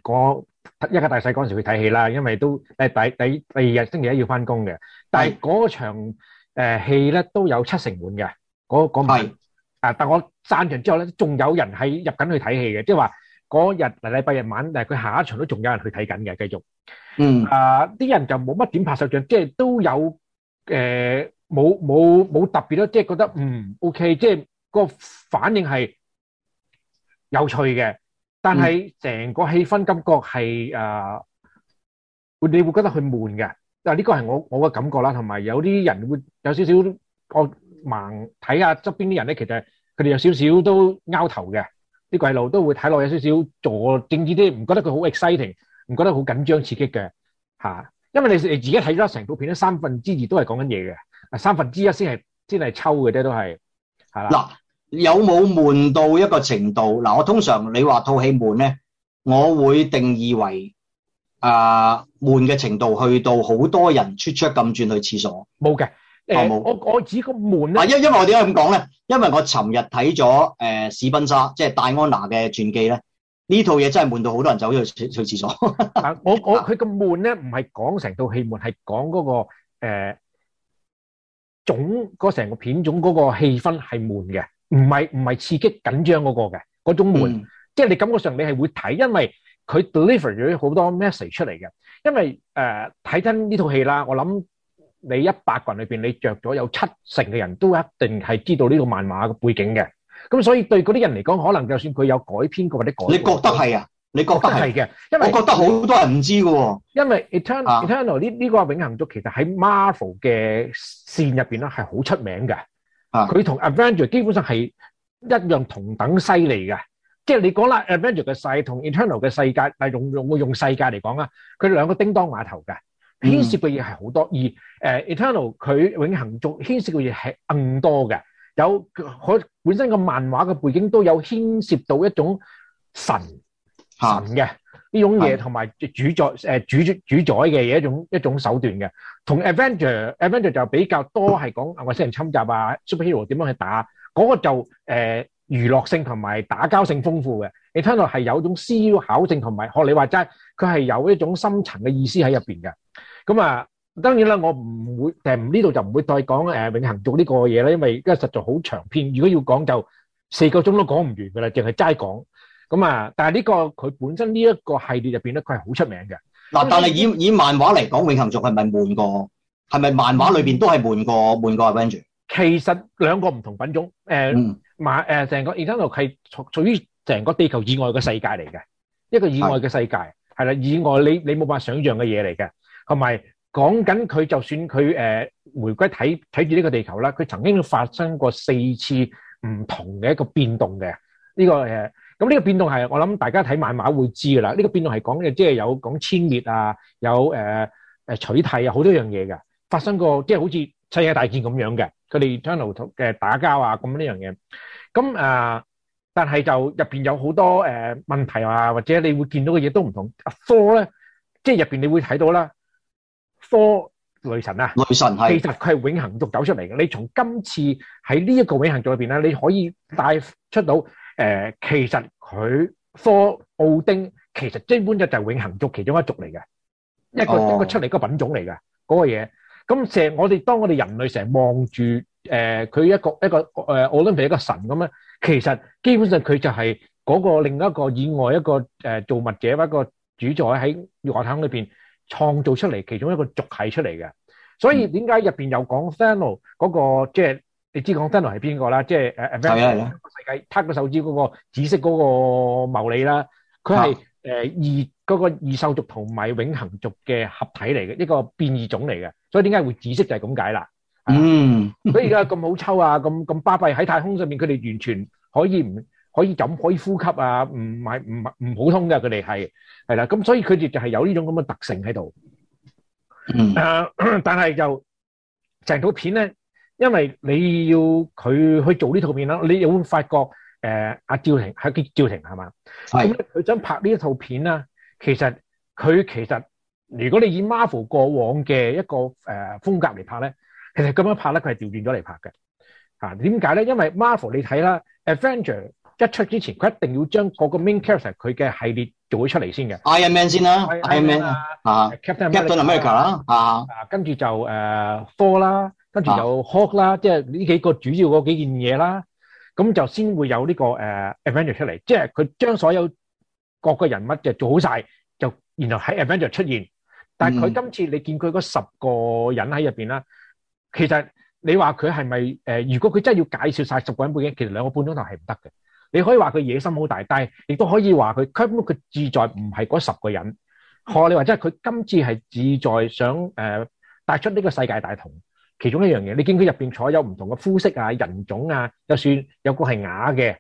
一家大細嗰陣時去睇戲啦，因為都第第第二日星期一要翻工嘅，但係嗰場誒戲咧都有七成滿嘅，嗰嗰排啊，但係我散場之後咧，仲有人喺入緊去睇戲嘅，即係話嗰日禮禮拜日晚，但係佢下一場都仲有人去睇緊嘅，繼續嗯啊，啲人就冇乜點拍手掌，即係都有誒冇冇冇特別咯，即係覺得嗯 OK，即係個反應係有趣嘅。但係成個氣氛感覺係誒，你會覺得佢悶嘅。嗱，呢個係我我嘅感覺啦，同埋有啲人會有少少，我盲睇下側邊啲人咧，其實佢哋有少少都拗頭嘅，啲鬼佬都會睇落有少少坐定啲啲，唔覺得佢好 exciting，唔覺得好緊張刺激嘅嚇。因為你自己睇咗成部片咧，三分之二都係講緊嘢嘅，三分之一先係先係抽嘅啫，都係係啦。有冇悶到一個程度嗱？我通常你話套戲悶咧，我會定義為啊悶嘅程度去到好多人出出咁轉去廁所。冇嘅，我、呃、我，我指個悶咧，因因為我點解咁講咧？因為我尋日睇咗誒史賓莎即係戴安娜嘅傳記咧，呢套嘢真係悶到好多人走咗去去廁所。但我 我佢、嗰個悶咧，唔係講成套戲悶，係講嗰個誒種嗰成個片種嗰個氣氛係悶嘅。唔係，唔係刺激緊張嗰個嘅嗰種悶，嗯，即係你感覺上你係會睇，因為佢 deliver 咗好多 message 出嚟嘅。因為誒睇緊呢套戲啦，我諗你一百個人裏邊，你着咗有七成嘅人都一定係知道呢個漫畫嘅背景嘅。咁所以對嗰啲人嚟講，可能就算佢有改編過或者改，你覺得係啊？你覺得係嘅，因為我覺得好多人唔知嘅喎。因為 Etern eternal 呢、啊、呢、呢個永恆族其實喺 Marvel 嘅線入面咧係好出名嘅。啊！佢同 Avenger 基本上係一樣同等犀利嘅，即係你講啦、啊、，Avenger 嘅世同 Eternal 嘅世界，但係用用用世界嚟講啊，佢兩個叮當碼頭嘅牽涉嘅嘢係好多，嗯、而誒 E、呃、ternal 佢永恆中牽涉嘅嘢係更多嘅，有佢本身個漫畫嘅背景都有牽涉到一種神神嘅。啊呢種嘢同埋主宰誒主主宰嘅嘢一種一種手段嘅，同 Avenger Avenger 就比較多係講外星人侵襲啊，superhero 點樣去打嗰個就誒娛樂性同埋打交性豐富嘅。你聽到係有一種思考性同埋，學你話齋，佢係有一種深層嘅意思喺入邊嘅。咁啊，當然啦，我唔會誒呢度就唔會再講誒永恆族呢個嘢啦，因為因為實在好長篇，如果要講就四個鐘都講唔完噶啦，淨係齋講。咁啊、這個！但係呢個佢本身呢一個系列入邊咧，佢係好出名嘅。嗱，但係以以漫畫嚟講，永恆族係咪換過？係咪漫畫裏邊都係換過？換過？係 Avenger？其實兩個唔同品種。誒、呃，馬、嗯、誒，成個而家係屬於成個地球以外嘅世界嚟嘅，一個以外嘅世界係啦，以外你你冇辦法想象嘅嘢嚟嘅，同埋講緊佢就算佢誒、呃、回歸睇睇住呢個地球啦，佢曾經發生過四次唔同嘅一個變動嘅呢、這個誒。呃咁、這、呢個變動係，我諗大家睇漫畫會知噶啦。呢、這個變動係講嘅，即係有講殲滅啊，有誒誒、呃、取替啊，好多樣嘢嘅發生過，即係好似世界大戰咁樣嘅。佢哋 channel 打交啊，咁樣呢樣嘢。咁啊、呃，但係就入面有好多誒、呃、問題啊，或者你會見到嘅嘢都唔同。four 咧，即係入面你會睇到啦，four 雷神啊，雷神係其實佢係永恆族走出嚟嘅。你從今次喺呢一個永恆族入面咧，你可以帶出到。誒、呃，其實佢科奧丁其實基本就就係永恆族其中一族嚟嘅，一個一個出嚟一個品種嚟嘅嗰個嘢。咁成我哋當我哋人類成日望住誒佢一個一個誒奧林匹一個神咁咧，其實基本上佢就係嗰個另一個以外一個誒造物者或一個主宰喺外太空裏面創造出嚟其中一個族係出嚟嘅。所以點解入面有講 f h a n o 嗰、那個即係？就是你知講登龍係邊個啦？即係誒，世界攤個手指嗰個紫色嗰個牟利啦，佢係誒二嗰、啊嗰個異獸族同埋永恆族嘅合體嚟嘅，一個變異種嚟嘅。所以點解會紫色就係咁解啦。嗯， 所以而家咁好抽啊，咁咁巴閉喺太空上面，佢哋完全可以唔可以咁，可以呼吸啊？唔唔唔唔普通嘅，佢哋係係啦。咁所以佢哋就係有呢種咁嘅特性喺度。誒、嗯呃，但係就成套片咧。因為你要佢去做呢套片啦，你有冇發覺誒，阿、呃、趙婷係叫趙婷係嘛？咁佢想拍呢一套片啦，其實佢其實如果你以 Marvel 過往嘅一個誒、呃、風格嚟拍咧，其實咁樣拍咧佢係調轉咗嚟拍嘅。吓點解咧？因為 Marvel 你睇啦,、啊啊啊你啦啊、，Avenger 一出之前，佢一定要將嗰個 main character 佢嘅系列做咗出嚟先嘅。Iron Man 先啦 I,，Iron Man 啊、uh,，Captain Captain America 啦、uh, uh, uh, uh, uh,，啊，跟住就誒 Four 啦。跟住有 hawk 啦，即係呢幾個主要嗰幾件嘢啦，咁就先會有呢、這個、uh, Avenger 出嚟。即係佢將所有各個人物就做好晒，就然後喺 Avenger 出現。但佢今次你見佢嗰十個人喺入面啦、嗯，其實你話佢係咪如果佢真係要介紹晒十個人背景，其實兩個半鐘頭係唔得嘅。你可以話佢野心好大，但係亦都可以話佢根本佢志在唔係嗰十個人，我、嗯、你話即係佢今次係志在想誒、呃、帶出呢個世界大同。其中一樣嘢，你見佢入邊坐有唔同嘅膚色啊、人種啊，就算有個係啞嘅，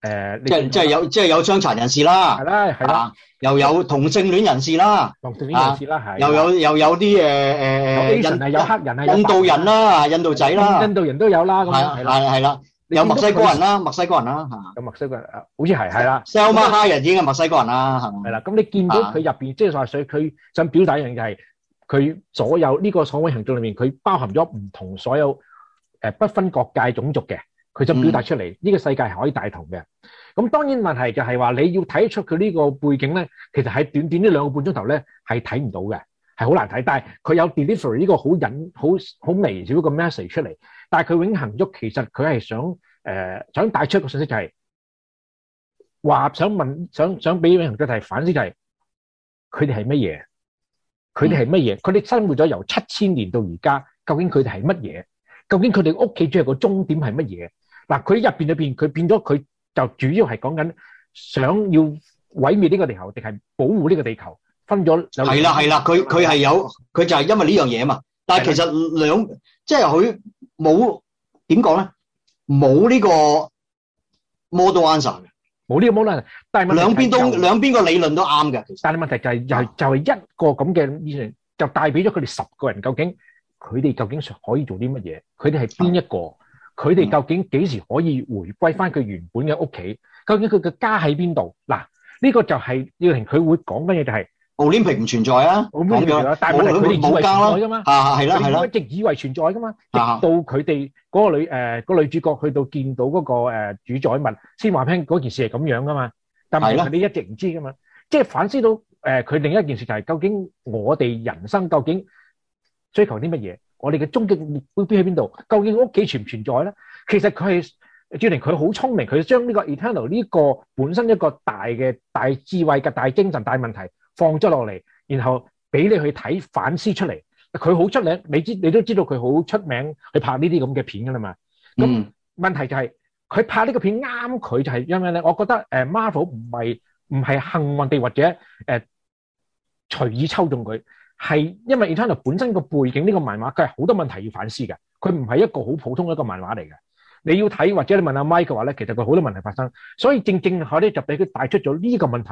誒，即係即係有即係有傷殘人士啦，係啦係啦，又有同性戀人士啦，同性戀人士啦，係又有又有啲誒誒，人係有黑人啊，印度人啦，印度仔啦，印度人都有啦，咁樣係啦係啦，有墨西哥人啦，墨西哥人啦嚇，咁墨西哥人啊好似係係啦，Salma Hayek 人已經係墨西哥人啦，係咪？係啦，咁你見到佢入邊，即係話佢佢想表達一樣嘢係。佢所有呢個所謂行動裏面，佢包含咗唔同所有誒不分各界種族嘅，佢就表達出嚟呢個世界係可以大同嘅。咁、嗯、當然問題就係話你要睇出佢呢個背景咧，其實喺短短呢兩個半鐘頭咧係睇唔到嘅，係好難睇。但係佢有 delivery 呢個好隱好好微小嘅 message 出嚟，但係佢永恆族，其實佢係想誒、呃、想帶出一個信息、就是，就係話想問想想俾永恆族嘅題反思就係佢哋係乜嘢。佢哋係乜嘢？佢哋生活咗由七千年到而家，究竟佢哋係乜嘢？究竟佢哋屋企最後個終點係乜嘢？嗱，佢入面入面，佢變咗佢就主要係講緊想要毀滅呢個地球，定係保護呢個地球？分咗係啦，係啦，佢佢係有，佢就係因為呢樣嘢啊嘛。但係其實兩即係佢冇點講咧，冇呢個 model answer。冇呢個冇論，但係、就是、兩邊都兩邊個理論都啱嘅。但係問題就係、是、就係就係一個咁嘅意思就帶俾咗佢哋十個人，究竟佢哋究竟可以做啲乜嘢？佢哋係邊一個？佢哋究竟幾時可以回歸翻佢原本嘅屋企？究竟佢嘅家喺邊度？嗱，呢個就係趙婷佢會講嘅嘢就係、是。奧林匹克唔存在啊，奧林匹克，但係佢哋以為存在噶嘛，啊係啦係啦，一直以為存在噶嘛，直到佢哋嗰個女誒個女主角去到見到嗰個誒主宰物，先話聽嗰件事係咁樣噶嘛，但係你一直唔知噶嘛，即係反思到誒佢另一件事就係究竟我哋人生究竟追求啲乜嘢？我哋嘅終極目標喺邊度？究竟屋企存唔存在咧？其實佢係趙婷，佢好聰明，佢將呢個 Eternal 呢個本身一個大嘅大智慧嘅大精神大問題。放咗落嚟，然後俾你去睇反思出嚟。佢好出名，你知你都知道佢好出名去拍呢啲咁嘅片㗎喇嘛。咁、嗯、問題就係、是、佢拍呢個片啱佢就係、是、因為咧，我覺得 Marvel 唔係唔係幸運地或者誒隨、呃、意抽中佢，係因為 Eternals 本身個背景呢個漫畫佢係好多問題要反思嘅。佢唔係一個好普通一個漫畫嚟嘅。你要睇或者你問阿 Mike 嘅話咧，其實佢好多問題發生，所以正正好咧就俾佢帶出咗呢個問題。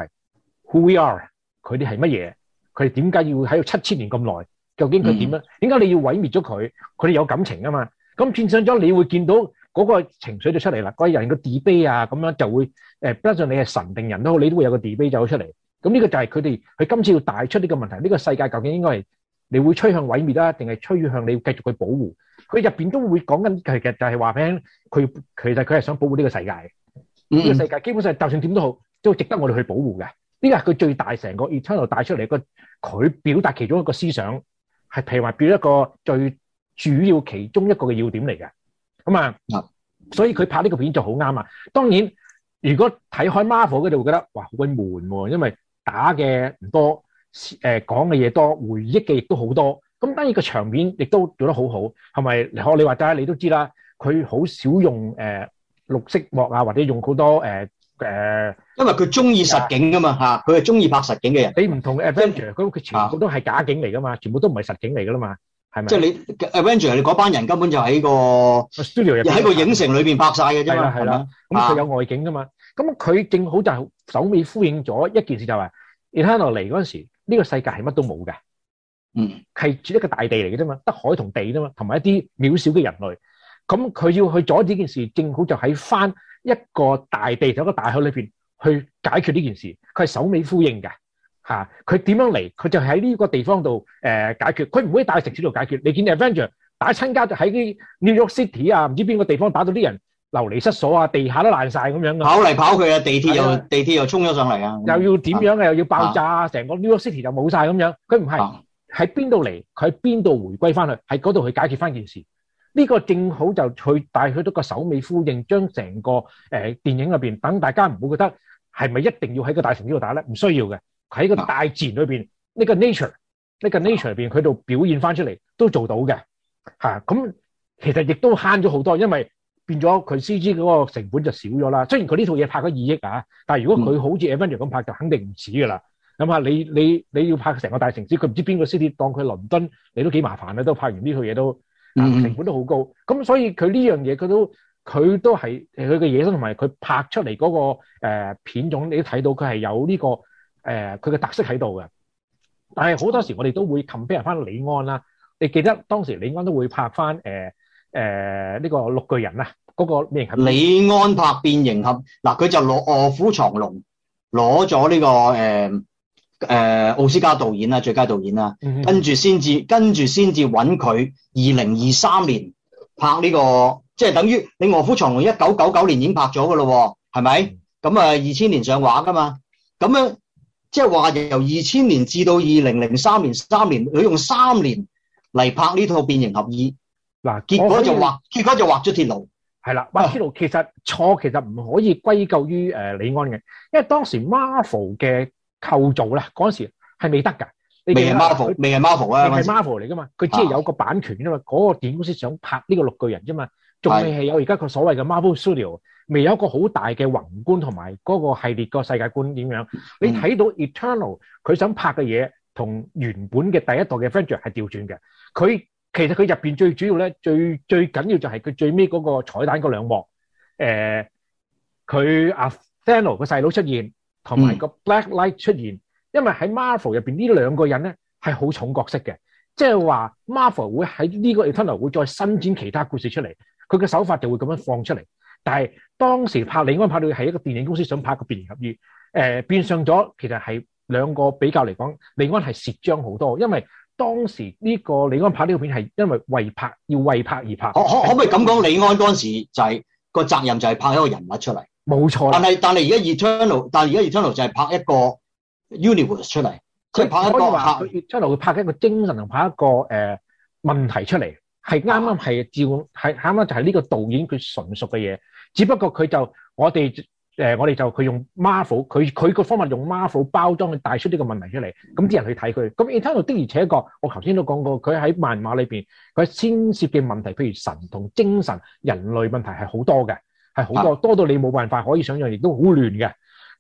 Who we are？佢哋係乜嘢？佢哋點解要喺度七千年咁耐？究竟佢點樣？點、嗯、解你要毀滅咗佢？佢哋有感情啊嘛！咁變相咗，你會見到嗰個情緒就出嚟啦。嗰、嗰個、人個自卑啊，咁樣就會誒，加、呃、上你係神定人都好，你都會有個自卑就出嚟。咁呢個就係佢哋佢今次要帶出呢個問題：呢、呢個世界究竟應該係你會趨向毀滅啊，定係趨向你繼續去保護？佢入邊都會講緊、就係，其實就係話咩？佢其實佢係想保護呢個世界呢、呢個世界、嗯、基本上就算點都好，都值得我哋去保護嘅。呢個係佢最大成個 Eternals 帶出嚟個佢表達其中一個思想係，譬如話表一個最主要其中一個嘅要點嚟嘅。咁啊、嗯，所以佢拍呢個片就好啱啊。當然，如果睇開 Marvel 嗰度會覺得哇好鬼悶喎、啊，因為打嘅唔多，誒講嘅嘢多，回憶嘅亦都好多。咁當然個場面亦都做得好好，係咪？我你話齋你都知啦，佢好少用誒、呃、綠色幕啊，或者用好多誒。呃誒、uh,，因為佢中意實景噶嘛吓，佢係中意拍實景嘅人。你唔同、就是《嘅 Avenger》，佢全部都係假景嚟噶嘛，uh, 全部都唔係實景嚟噶啦嘛，係咪？即、就、係、是、你《Avenger》，你嗰班人根本就喺個 studio，喺個影城裏邊拍晒嘅啫嘛，係啦、啊。咁佢、啊啊啊嗯、有外景噶嘛？咁佢正好就係首尾呼應咗一件事、就是，就係你睇落嚟嗰陣時、呢、這個世界係乜都冇嘅，嗯，係住一個大地嚟嘅啫嘛，得海同地啫嘛，同埋一啲渺小嘅人類。咁佢要去阻止件事，正好就喺翻。一個大地喺個大海裏邊去解決呢件事，佢係首尾呼應嘅嚇。佢點樣嚟？佢就喺呢個地方度誒、呃、解決。佢唔會喺大城市度解決。你見 Avenger 打親家就喺啲 New York City 啊，唔知邊個地方打到啲人流離失所啊，地下都爛晒咁樣跑嚟跑去啊，地鐵又地鐵又衝咗上嚟啊，又要點樣嘅、啊、又要爆炸，啊。成個 New York City 就冇晒咁樣。佢唔係喺邊度嚟？佢喺邊度回歸翻去？喺嗰度去解決翻件事，呢、這個正好就去帶去多個首尾呼應，將成個誒、呃、電影裏面等大家唔好覺得係咪一定要喺個大城市度打咧？唔需要嘅，喺個大自然裏邊，呢、啊這個 nature，呢、啊這個 nature 裏面，佢度表現翻出嚟都做到嘅咁、啊、其實亦都慳咗好多，因為變咗佢 C G 嗰個成本就少咗啦。雖然佢呢套嘢拍咗二億啊，但係如果佢好似《Avenger》咁拍，就肯定唔止噶啦。咁啊，你你你要拍成個大城市，佢唔知邊個 City 當佢倫敦，你都幾麻煩啊！都拍完呢套嘢都。啊、嗯嗯，成本都好高，咁所以佢呢樣嘢佢都佢都係佢嘅野心同埋佢拍出嚟嗰、那個、呃、片種，你都睇到佢係有呢、這個誒佢嘅特色喺度嘅。但係好多時我哋都會 compare 翻李安啦，你記得當時李安都會拍翻誒呢個綠巨人啊，嗰、那個咩？形李安拍變形俠，嗱佢就攞卧虎藏龍攞咗呢個誒。呃誒、呃，奧斯卡導演啊，最佳導演啊，跟住先至，跟住先至揾佢。二零二三年拍呢、這個，即係等於你《臥虎藏龍》一九九九年已經拍咗噶咯，係咪？咁、嗯、啊，二千年上畫噶嘛？咁樣即係話由二千年至到二零零三年三年，佢用三年嚟拍呢套《變形俠醫》啊。嗱，結果就畫，結果就畫咗鐵盧係啦，畫、啊、鐵盧其實、啊、錯，其實唔可以歸咎於誒李安嘅，因為當時 Marvel 嘅。構造啦，嗰陣時係未得㗎。未係 Marvel，未係 Marvel 啊！係 Marvel 嚟㗎嘛？佢只係有個版權㗎嘛？嗰、那個電影公司想拍呢個綠巨人啫嘛？仲未係有而家佢所謂嘅 Marvel Studio，未有一個好大嘅宏觀同埋嗰個系列個世界觀點樣？你睇到 Eternal 佢、嗯、想拍嘅嘢，同原本嘅第一代嘅 Avenger 係調轉嘅。佢其實佢入面最主要咧，最最緊要就係佢最尾嗰個彩蛋嗰兩幕。誒、呃，佢阿 Thano 個細佬出現。同、嗯、埋個 Black Light 出現，因為喺 Marvel 入邊，呢兩個人咧係好重角色嘅，即係話 Marvel 會喺呢個 Eternal 會再伸展其他故事出嚟，佢嘅手法就會咁樣放出嚟。但係當時拍李安拍到係一個電影公司想拍個、呃《變形俠醫，誒變相咗其實係兩個比較嚟講，李安係蝕章好多，因為當時呢個李安拍呢個片係因為為拍要為拍而拍。可唔可以咁講李安嗰陣時就係、是那個責任就係拍一個人物出嚟。冇錯，但係但係而家《Eternal》，但係而家《Eternal》就係拍一個 Universe 出嚟，即係拍一個拍《Eternal》會拍一個精神同拍一個誒、呃、問題出嚟，係啱啱係照係啱啱就係呢個導演佢純熟嘅嘢，只不過佢就我哋誒、呃、我哋就佢用 Marvel，佢佢個方法用 Marvel 包裝去帶出呢個問題出嚟，咁啲人去睇佢。咁《Eternal》的而且確，我頭先都講過，佢喺漫畫裏邊，佢牽涉嘅問題，譬如神同精神、人類問題係好多嘅。係好多，多到你冇辦法可以想象，亦都好亂嘅。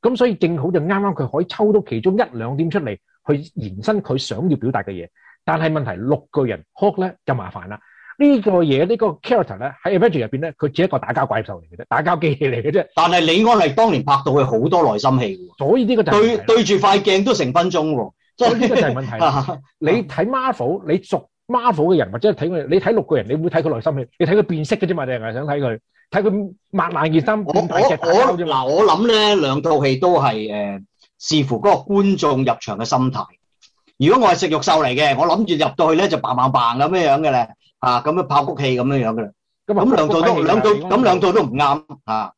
咁所以正好就啱啱佢可以抽到其中一兩點出嚟，去延伸佢想要表達嘅嘢。但係問題六個人哭咧就麻煩啦。呢、呢個嘢呢、呢個 character 咧喺 Avengers 入面咧，佢只係一個打交怪獸嚟嘅啫，打交機器嚟嘅啫。但係李安係當年拍到佢好多內心戲喎。所以呢個就係對住塊鏡都成分鐘喎，即呢個就係問題。 你睇 Marvel，你熟 Marvel 嘅人或者睇佢，你睇六個人，你會睇佢內心戲，你睇佢變色嘅啫嘛，定係想睇佢？睇佢萬萬熱心點睇劇透嗱，我諗咧兩套戲都係誒、呃、視乎嗰個觀眾入場嘅心態。如果我係食肉獸嚟嘅，我諗住入到去咧就 bang bang bang 咁樣的、啊、樣嘅啦，嚇咁樣爆谷氣咁樣樣嘅啦。咁兩套都兩套咁兩套都唔啱嚇。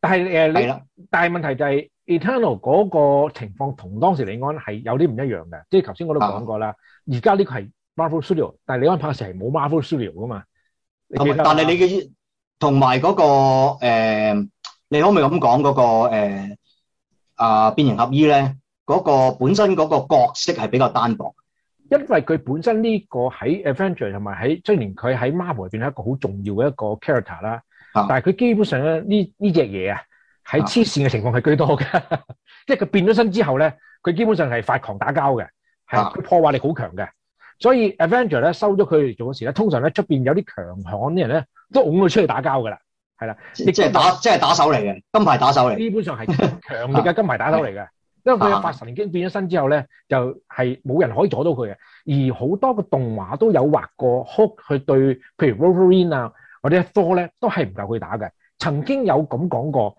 但係誒、呃、你，的但係問題就係、是《Eternal》嗰個情況同當時李安係有啲唔一樣嘅，即係頭先我都講過啦。而家呢個係 Marvel Studio，但係李安拍嘅時係冇 Marvel Studio 噶嘛？但係你嘅。同埋嗰個、呃、你可唔可以咁講嗰個啊、呃呃、變形俠醫咧？嗰、嗰個本身嗰個角色係比較單薄，因為佢本身呢個喺 Avenger 同埋喺雖然佢喺 Marvel 入邊係一個好重要嘅一個 character 啦、啊。但係佢基本上咧呢呢隻嘢啊，喺黐線嘅情況係居多嘅，即係佢變咗身之後咧，佢基本上係發狂打交嘅，係佢、啊、破壞力好強嘅，所以 Avenger 咧收咗佢做嘅事咧，通常咧出面有啲強悍啲人咧。都㧬佢出去打交噶啦，係啦，即係打，即係打手嚟嘅，金牌打手嚟。基本上係強烈嘅金牌打手嚟嘅， 因為佢有發神經變咗身之後咧，就係、是、冇人可以阻到佢嘅。而好多嘅動畫都有畫過，Hulk 去對，譬如 Wolverine 啊或者 Thor 咧，都係唔夠佢打嘅。曾經有咁講過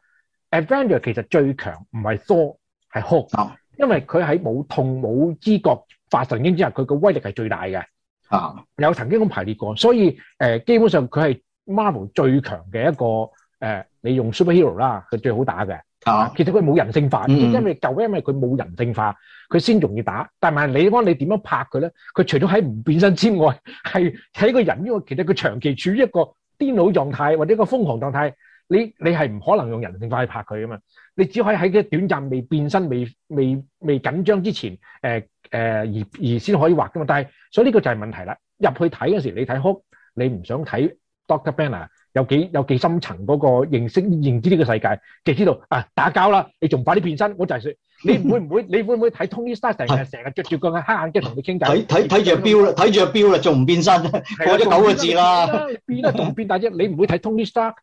，Avenger 其實最強唔係 Thor，係 Hulk 因為佢喺冇痛冇知覺發神經之後，佢個威力係最大嘅。啊，有曾經咁排列過，所以誒、呃，基本上佢係。Marvel 最強嘅一個誒、呃，你用 superhero 啦，佢最好打嘅。Oh. Mm -hmm. 其實佢冇人性化，因為舊，因為佢冇人性化，佢先容易打。但係你幫你點樣拍佢咧？佢除咗喺唔變身之外，係睇個人呢個其實佢長期處於一個癲腦狀態或者一個瘋狂狀態。你你係唔可能用人性化去拍佢噶嘛？你只可以喺佢短暫未變身、未未未緊張之前，誒、呃呃、而而先可以畫噶嘛。但係所以呢個就係問題啦。入去睇嘅時，你睇哭，你唔想睇。Doctor Banner 有幾有幾深層嗰個認識認知呢個世界，就知道啊，打交啦，你仲快啲變身。我就係、是、説你， 你會唔會你會唔會睇 Tony Stark 成日成日著住個眼黑眼鏡同你傾偈？睇睇睇住個表啦，睇住個表啦，仲唔變身？變身啊、過咗九個字啦，變得仲變大啫、 啊啊啊。你唔會睇 Tony Stark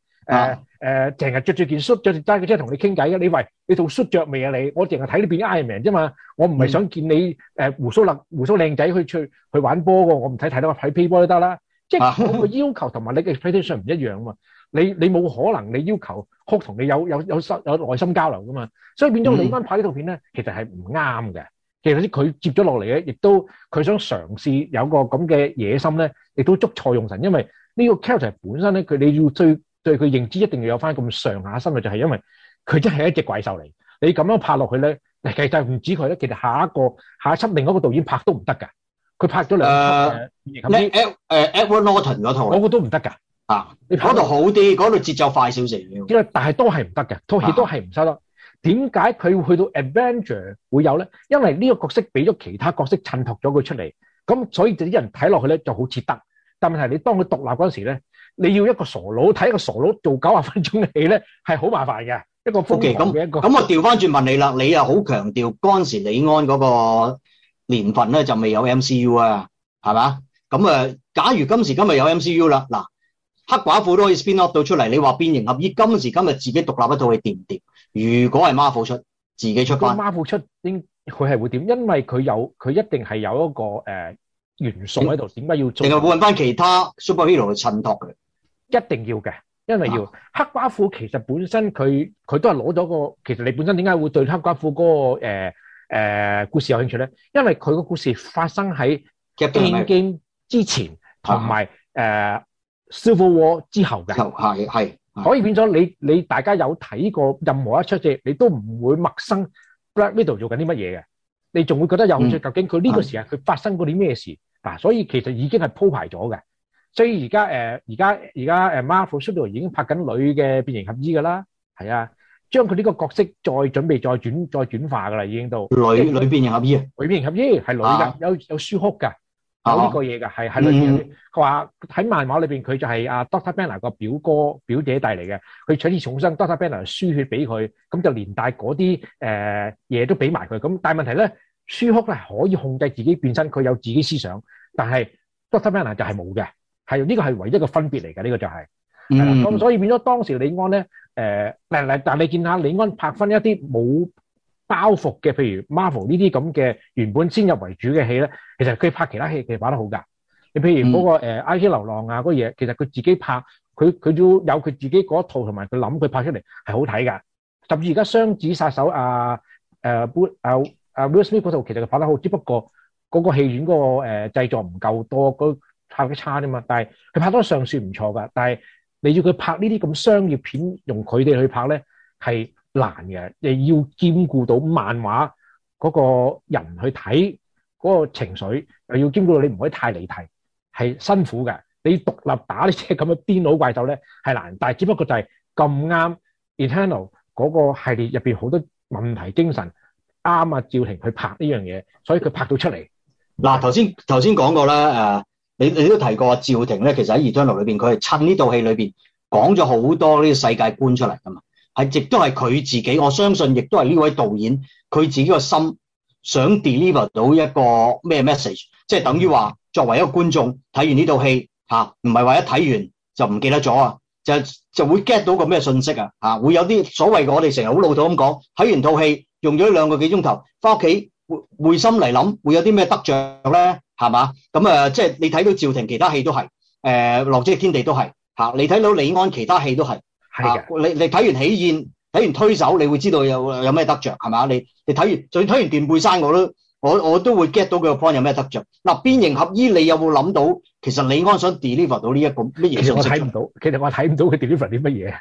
誒成日着住件 shirt，著住同你傾偈嘅。你以為你套 shirt 着未啊？你我淨係睇你變咗 Iron Man 啫嘛。我唔係想見你誒鬍鬚立鬍鬚靚仔去去去玩波㗎。我唔使睇到，我睇啤波都得啦。即係嗰個要求同埋你嘅 expectation 唔一樣啊嘛你！你你冇可能你要求哭同你有有有心有內心交流噶嘛？所以變咗你依班拍呢套片咧，其實係唔啱嘅。其實佢接咗落嚟咧，亦都佢想嘗試有個咁嘅野心咧，亦都捉錯用神。因為呢個 character 本身咧，佢你要對你要對佢認知一定要有翻咁上下心嘅，就係因為佢真係一隻怪獸嚟。你咁樣拍落去咧，其實唔止佢咧，其實下一個下一輯另一個導演拍都唔得㗎。佢拍咗兩，誒，誒，誒，Edward Norton 嗰套，嗰個都唔得噶，啊，嗰度好啲，嗰度節奏快少少，但係都係唔得嘅，套戲都係唔收得。點解佢會去到 Avenger 會有咧？因為呢個角色俾咗其他角色襯托咗佢出嚟，咁所以就啲人睇落去咧就好似得。但係問題你當佢獨立嗰陣時咧，你要一個傻佬睇一個傻佬做九啊分鐘嘅戲咧，係好麻煩嘅。一個瘋狂嘅一個。咁我調翻轉問你啦，你又好強調嗰陣時李安嗰個。年份咧就未有 MCU 啊，係嘛？咁啊，假如今時今日有 MCU 啦，嗱，黑寡婦都可以 spin off 到出嚟。你話變形俠醫呢？今時今日自己獨立一套，你掂唔掂？如果係 Marvel 出，自己出翻。Marvel 出應佢係會點？因為佢有佢一定係有一個誒元、呃、素喺度，點解要做，另外會揾翻其他 superhero 去襯托佢，一定要嘅。因為要黑寡婦其實本身佢佢都係攞咗個，其實你本身點解會對黑寡婦嗰、那個、呃誒、呃，故事有興趣咧，因為佢個故事發生喺《Endgame》之前和，同埋誒《啊呃 Civil War 之後嘅，係係可以變咗你你大家有睇過任何一出嘅，你都唔會陌生。Black Widow 做緊啲乜嘢嘅？你仲會覺得有興趣？究竟佢呢個時間佢發生過啲咩事嗱？嗯啊、所以其實已經係鋪排咗嘅。所以而家誒，而家而家誒，Marvel Studio 已經拍緊女嘅《變形俠醫》噶啦，係啊。將佢呢個角色再準備再轉再轉化噶啦，已經到裏裏邊合醫，裏邊合醫係女噶，有有舒哭噶，有呢個嘢噶，係、啊、喺裏邊。佢話喺漫畫裏邊，佢就係阿 Doctor Banner 個表哥表姐弟嚟嘅。佢取次重生，Doctor Banner 輸血俾佢，咁就連帶嗰啲誒嘢都俾埋佢。咁但係問題咧，舒哭咧可以控制自己變身，佢有自己思想，但係 Doctor Banner 就係冇嘅，係呢、這個係唯一嘅分別嚟嘅，呢、這個就係、是。咁、嗯、所以變咗當時李安咧。誒、呃，但你見下李安拍翻一啲冇包袱嘅，譬如 Marvel 呢啲咁嘅原本先入為主嘅戲咧，其實佢拍其他戲其實拍得好噶。你譬如嗰個 i G 流浪》啊，嗰嘢，其實佢自己拍，佢佢都有佢自己嗰套同埋佢諗，佢拍出嚟係好睇噶。甚至而家《雙子殺手》啊，誒布誒 Will Smith 嗰套，啊啊啊、其實佢拍得好，只不過嗰個戲院嗰、那個製、呃、製作唔夠多，個效果差啫嘛。但係佢拍得上算唔錯噶，但係你要佢拍呢啲咁商業片，用佢哋去拍咧係難嘅，你要兼顧到漫畫嗰個人去睇嗰個情緒，又要兼顧到你唔可以太離題，係辛苦嘅。你獨立打呢啲咁嘅顛佬怪獸咧係難，但係只不過就係咁啱《Eternals》嗰個系列入面好多問題精神啱啊，趙婷去拍呢樣嘢，所以佢拍到出嚟。嗱頭先頭先講過啦，uh 你你都提過趙婷咧，其實喺《Eternals》裏邊，佢係趁呢套戲裏邊講咗好多呢個世界觀出嚟噶嘛，係亦都係佢自己，我相信亦都係呢位導演佢自己個心想 deliver 到一個咩 message，即係等於話，作為一個觀眾睇完呢套戲吓，唔係話一睇完就唔記得咗啊，就就會 get 到個咩信息啊吓、啊，會有啲所謂我哋成日好老土咁講，睇完套戲用咗兩個幾鐘頭，翻屋企會心嚟諗會有啲咩得着咧？係嘛？咁、嗯、啊，即係你睇到趙婷其他戲都係，誒、呃，《浪跡天地》都係，吓、啊、你睇到李安其他戲都係，係嘅、啊。你你睇完起《喜宴》，睇完《推手》，你會知道有有咩得着，係嘛？你你睇完，再睇完《斷背山》，我都我我都會 get 到佢個 point 有咩得着。嗱，《變形俠醫》，你有冇諗到？其實李安想 deliver 到呢一個乜嘢？其實我睇唔到，其實我睇唔到佢 deliver 啲乜嘢，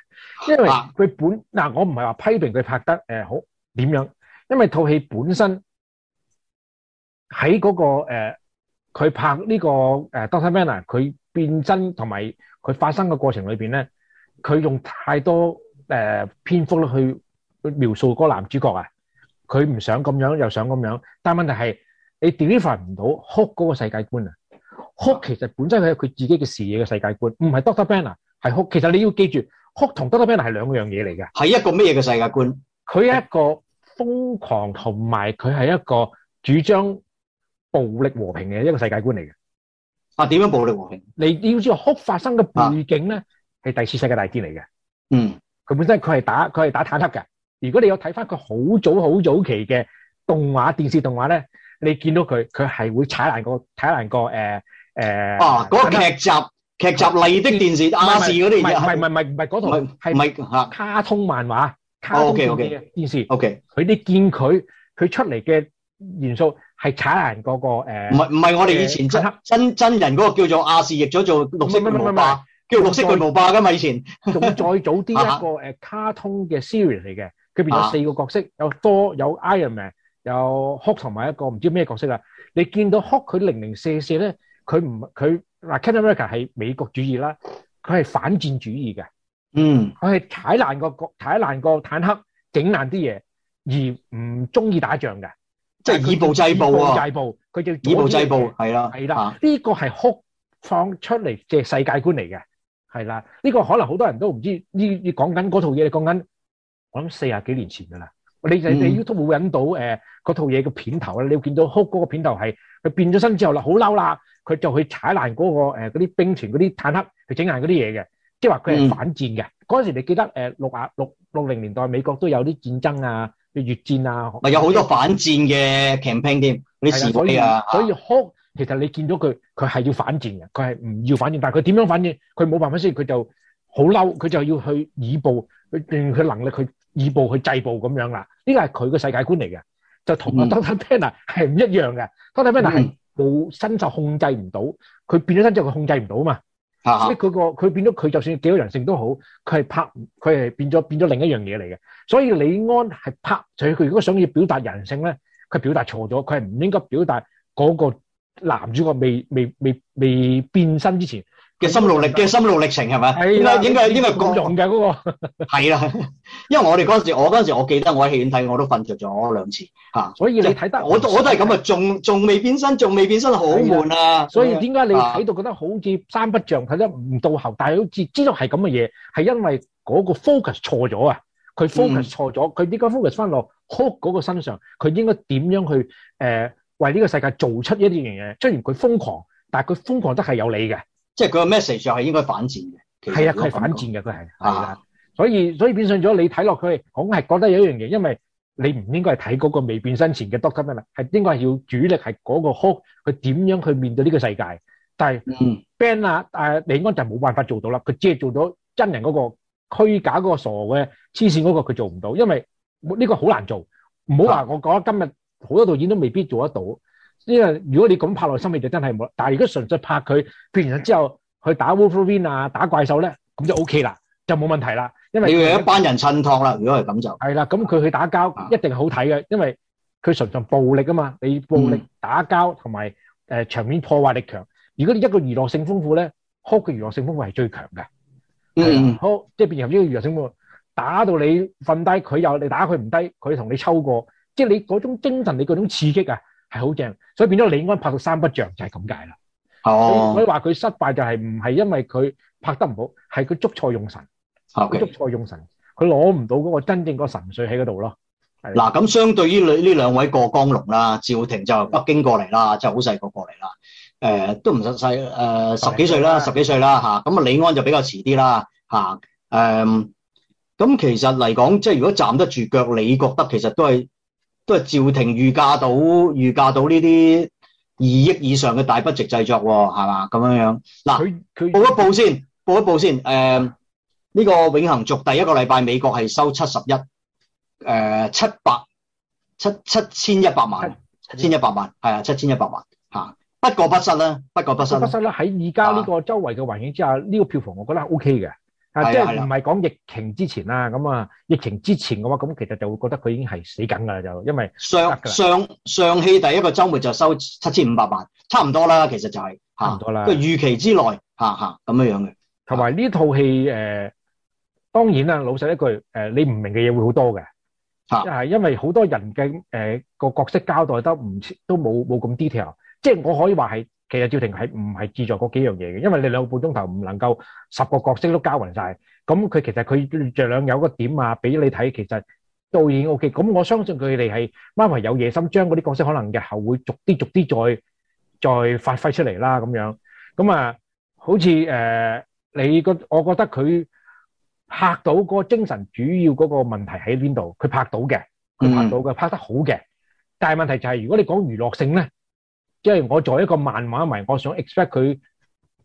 因為佢本嗱、啊啊，我唔係話批評佢拍得誒、呃、好點樣，因為套戲本身喺嗰、那個誒。呃佢拍呢個 Doctor Banner 佢變真同埋佢發生嘅過程裏面咧，佢用太多誒篇幅去描述嗰個男主角啊，佢唔想咁樣又想咁樣，但問題係你 deliver 唔到，哭嗰個世界觀啊，哭其實本身係佢自己嘅視野嘅世界觀，唔係 Doctor Banner 係哭。其實你要記住，哭同 Doctor Banner 係兩樣嘢嚟嘅，係一個咩嘅世界觀？佢係一個瘋狂同埋佢係一個主張。暴力和平嘅一個世界觀嚟嘅，啊？點樣暴力和平？你要知道，哭發生嘅背景咧，係、啊、第二次世界大戰嚟嘅。嗯，佢本身佢係打佢係打坦克嘅。如果你有睇翻佢好早好早期嘅動畫、電視動畫咧，你見到佢，佢係會踩爛個踩爛個誒誒，啊，嗰、那個劇集劇集麗的電視亞視嗰啲嘢，唔係唔係唔係唔係嗰套係係咪卡通漫畫、啊、卡通漫畫，OK OK，電視 OK，佢啲見佢佢出嚟嘅元素。係踩爛嗰、那個誒，唔係唔係，不是不是我哋以前、呃、真真真人嗰個叫做亞視譯咗做綠色巨無霸，叫綠色巨無霸噶嘛？以前仲再早啲一個誒、啊、卡通嘅 series 嚟嘅，佢變咗四個角色，啊、有 Thor 有 Iron Man，有 Hulk 同埋一個唔知咩角色啦。你見到 Hulk 佢零零四四咧，佢唔佢嗱 Captain America 係美國主義啦，佢係反戰主義嘅，嗯，佢係踩爛、那個踩爛個坦克，整爛啲嘢，而唔中意打仗嘅。即係以暴制暴啊！佢叫以暴制暴，係啦，係啦，呢、啊這個係 Hulk 放出嚟嘅世界觀嚟嘅，係啦，呢、這個可能好多人都唔知，呢你講緊嗰套嘢，你講緊我諗四啊幾年前噶啦，你你 YouTube 搵到誒嗰套嘢嘅片頭啦、嗯，你會見到 Hulk 嗰個片頭係佢變咗身之後啦，好嬲啦，佢就去踩爛嗰個誒啲兵團嗰啲坦克去整爛嗰啲嘢嘅，即係話佢係反戰嘅。嗰、嗯、時你記得誒六啊六六零年代美國都有啲戰爭啊。越戰啊，咪有好多反戰嘅 campaign 添、啊，啲示威啊，所以 Hulk，其實你見到佢，佢係要反戰嘅，佢係唔要反戰，但係佢點樣反戰，佢冇辦法先，佢就好嬲，佢就要去以暴佢用佢能力去以暴去制暴咁樣啦，呢個係佢個世界觀嚟嘅，就同 Doctor Banner 係唔一樣嘅，Doctor Banner 係冇身受控制唔到，佢變咗身之後佢控制唔到啊嘛。即佢個佢變咗，佢就算幾多人性都好，佢係拍，佢係變咗變咗另一樣嘢嚟嘅。所以李安係拍，所以佢如果想要表達人性咧，佢表達錯咗，佢係唔應該表達嗰個男主角未未未未變身之前，嘅心路歷嘅心路歷程係咪？點解應該應該咁用㗎嗰個？係啦、嗰個嗰個， 因為我哋嗰陣時，我嗰陣時我記得我喺戲院睇，我都瞓着咗兩次嚇。所以你睇得我都我都係咁啊，仲仲未變身，仲未變身，變身好，好悶啊。所以點解你睇到覺得好似三不像睇得唔到喉？但係好似知道係咁嘅嘢，係因為嗰個 focus 錯咗啊。佢 focus 錯咗，佢應該 focus 翻落 Hulk 嗰個身上，佢應該點樣去誒、呃、為呢個世界做出一啲嘢？雖然佢瘋狂，但係佢瘋狂得係有理嘅。即係佢個 message 係應該反戰嘅，係啊，係反戰嘅佢係，啊、所以所以變相咗你睇落去，我係覺得有一樣嘢，因為你唔應該睇嗰個未變身前嘅多吉咪啦，係應該係要主力係嗰個 Hulk，佢點樣去面對呢個世界？但係 Ben、嗯、啊誒，李安就冇辦法做到啦，佢只係做到真人嗰、嗰個虛假嗰個傻嘅黐線嗰個，佢做唔到，因為呢個好難做。唔好話我講今日好多導演都未必做得到。因為如果你咁拍落心理就真係冇，但係如果純粹拍佢，譬如之後去打 Wolverine 啊，打怪獸咧，咁就 OK 啦，就冇問題啦。因為你要有一班人襯托啦，如果係咁就係啦，咁佢去打交、啊、一定好睇嘅，因為佢純粹暴力啊嘛，你暴力、嗯、打交同埋誒場面破壞力強。如果你一個娛樂性豐富咧，哭嘅娛樂性豐富係最強嘅。嗯，嗯，好，即係變咗呢個娛樂性豐富，打到你瞓低，佢又你打佢唔低，佢同你抽過，即係你嗰種精神，你嗰種刺激啊！係好正，所以變咗李安拍到三不像就係咁解啦。哦、oh.，可以話佢失敗就係唔係因為佢拍得唔好，係佢捉錯用神。佢捉錯用神，佢攞唔到嗰個真正個神髓喺嗰度咯。嗱，咁相對於呢呢兩位過江龍啦，趙婷就北京過嚟啦，即係好細個過嚟啦。誒、呃，都唔使細，誒、呃，十幾歲啦，十幾歲啦吓。咁啊，李安就比較遲啲啦，吓、啊。誒、啊，咁其實嚟講，即係如果站得住腳，你覺得其實都係。都係《趙婷預駕到》《預駕到》呢啲二億以上嘅大 budget 製作，係嘛咁樣樣。嗱、啊，報一報先，報一報先。誒、呃，呢、這個《永恆族》第一個禮拜美國係收七十一，誒、呃、七百七七千一百萬，七千一百萬，係啊，七千一百萬。吓，不過不失啦，不過不失。不過不失啦，喺而家呢個周圍嘅環境之下，呢、這個票房我覺得係 O K 嘅。啊，是啊，即係唔係講疫情之前啦，咁啊，疫情之前嘅話，咁其實就會覺得佢已經係死緊㗎啦，就因為上上上戲第一個周末就收七千五百萬，差唔多啦，其實就係、是、差唔多啦，個、啊、預期之內，吓吓咁樣樣嘅。同埋呢套戲誒，當然啦，老實一句誒、呃，你唔明嘅嘢會好多嘅，係、啊、因為好多人嘅誒個角色交代得唔都冇冇咁 detail，即係我可以話係。其實趙婷係唔係志在嗰幾樣嘢嘅，因為你兩個半鐘頭唔能夠十個角色都交混曬，咁佢其實佢盡量有個點啊，俾你睇。其實導演 O K，咁我相信佢哋係啱啱有野心，將嗰啲角色可能日後會逐啲逐啲再再發揮出嚟啦咁樣。咁啊，好似誒你個，我覺得佢拍到嗰個精神，主要嗰個問題喺邊度？佢拍到嘅，佢拍到嘅，拍得好嘅。但係問題就係，如果你講娛樂性咧。即係我作為一個漫畫迷，我想 expect 佢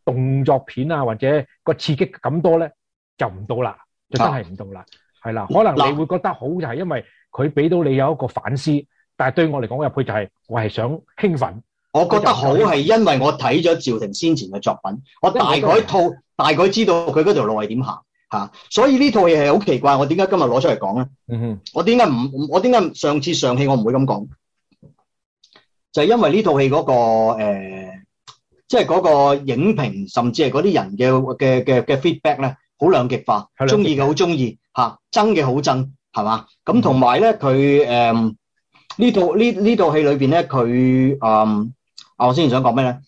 動作片啊，或者個刺激感多咧，就唔到啦，就真係唔到啦，係、啊、啦。可能你會覺得好就係因為佢俾到你有一個反思，啊、但係對我嚟講，入去就係、是、我係想興奮。我覺得好係因為我睇咗趙婷先前嘅作品，我大概套，大概知道佢嗰條路係點行吓，所以呢套嘢係好奇怪，我點解今日攞出嚟講咧？我點解唔？我點解上次上戲我唔會咁講？就係因為呢套戲嗰個誒，即係嗰個影評，甚至係嗰啲人嘅嘅嘅嘅 feedback 咧，好兩極化，係啦，中意嘅好中意吓，憎嘅好憎，係嘛？咁同埋咧，佢誒呢套呢呢套戲裏邊咧，佢誒，我先至想講咩咧？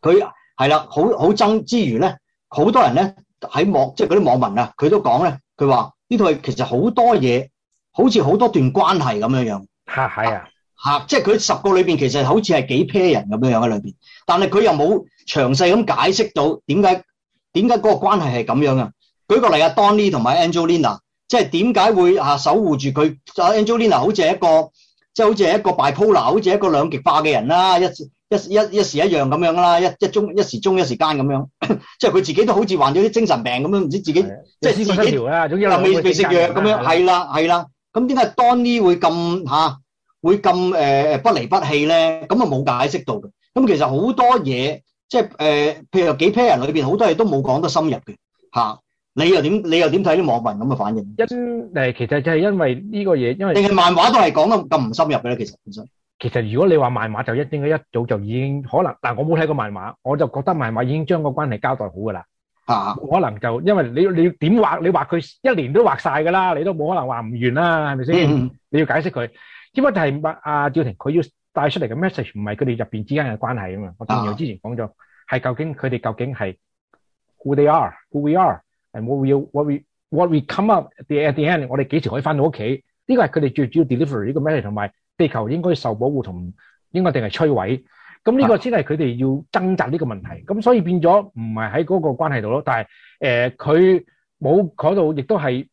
佢係啦，好好憎之餘咧，好多人咧喺網即係嗰啲網民啊，佢都講咧，佢話呢套戲其實好多嘢，好似好多段關係咁樣樣吓，係啊。啊、即係佢十個裏邊其實好似係幾 pair 人咁樣喺裏邊，但係佢又冇詳細咁解釋到點解點解嗰個關係係咁樣啊？舉個例，啊 Donny 同埋 Angelina，即係點解會守護住佢？Angelina 好似係一個即係、就是、好似係一個 bipolar，好似一個兩極化嘅人啦，一一一一時一樣咁樣啦，一一中一時中一,一時間咁樣， 即係佢自己都好似患咗啲精神病咁樣，唔知自己即係自己又、啊啊啊、未未食藥咁樣，係啦係啦，咁點解 Donny 會咁嚇會咁誒、呃、不離不棄咧，咁啊冇解釋到嘅。咁其實好多嘢，即係誒、呃，譬如幾批人裏面好多嘢都冇講得深入嘅吓，你又點？你又點睇啲網民咁嘅反應？其實就係因為呢個嘢，因為定係漫畫都係講得咁唔深入嘅咧。其實本身，其實如果你話漫畫就一定一早就已經可能但、啊、我冇睇過漫畫，我就覺得漫畫已經將個關係交代好㗎啦、啊。可能就因為你你要點畫？你畫佢一年都畫晒㗎啦，你都冇可能畫唔完啦、啊，係咪先、嗯？你要解釋佢。只不過就係阿趙婷佢要帶出嚟嘅 message，唔係佢哋入面之間嘅關係啊嘛！Uh -huh. 我之前講咗，係究竟佢哋究竟係 who they are，who we are，and what, what we what we come up at the end。我哋幾時可以翻到屋企？呢個係佢哋最主要 delivery 呢個 message，同埋地球應該受保護同應該定係摧毀。咁呢個先係佢哋要掙扎呢個問題。咁、uh -huh. 所以變咗唔係喺嗰個關係度咯。但係誒，佢冇講到，亦都係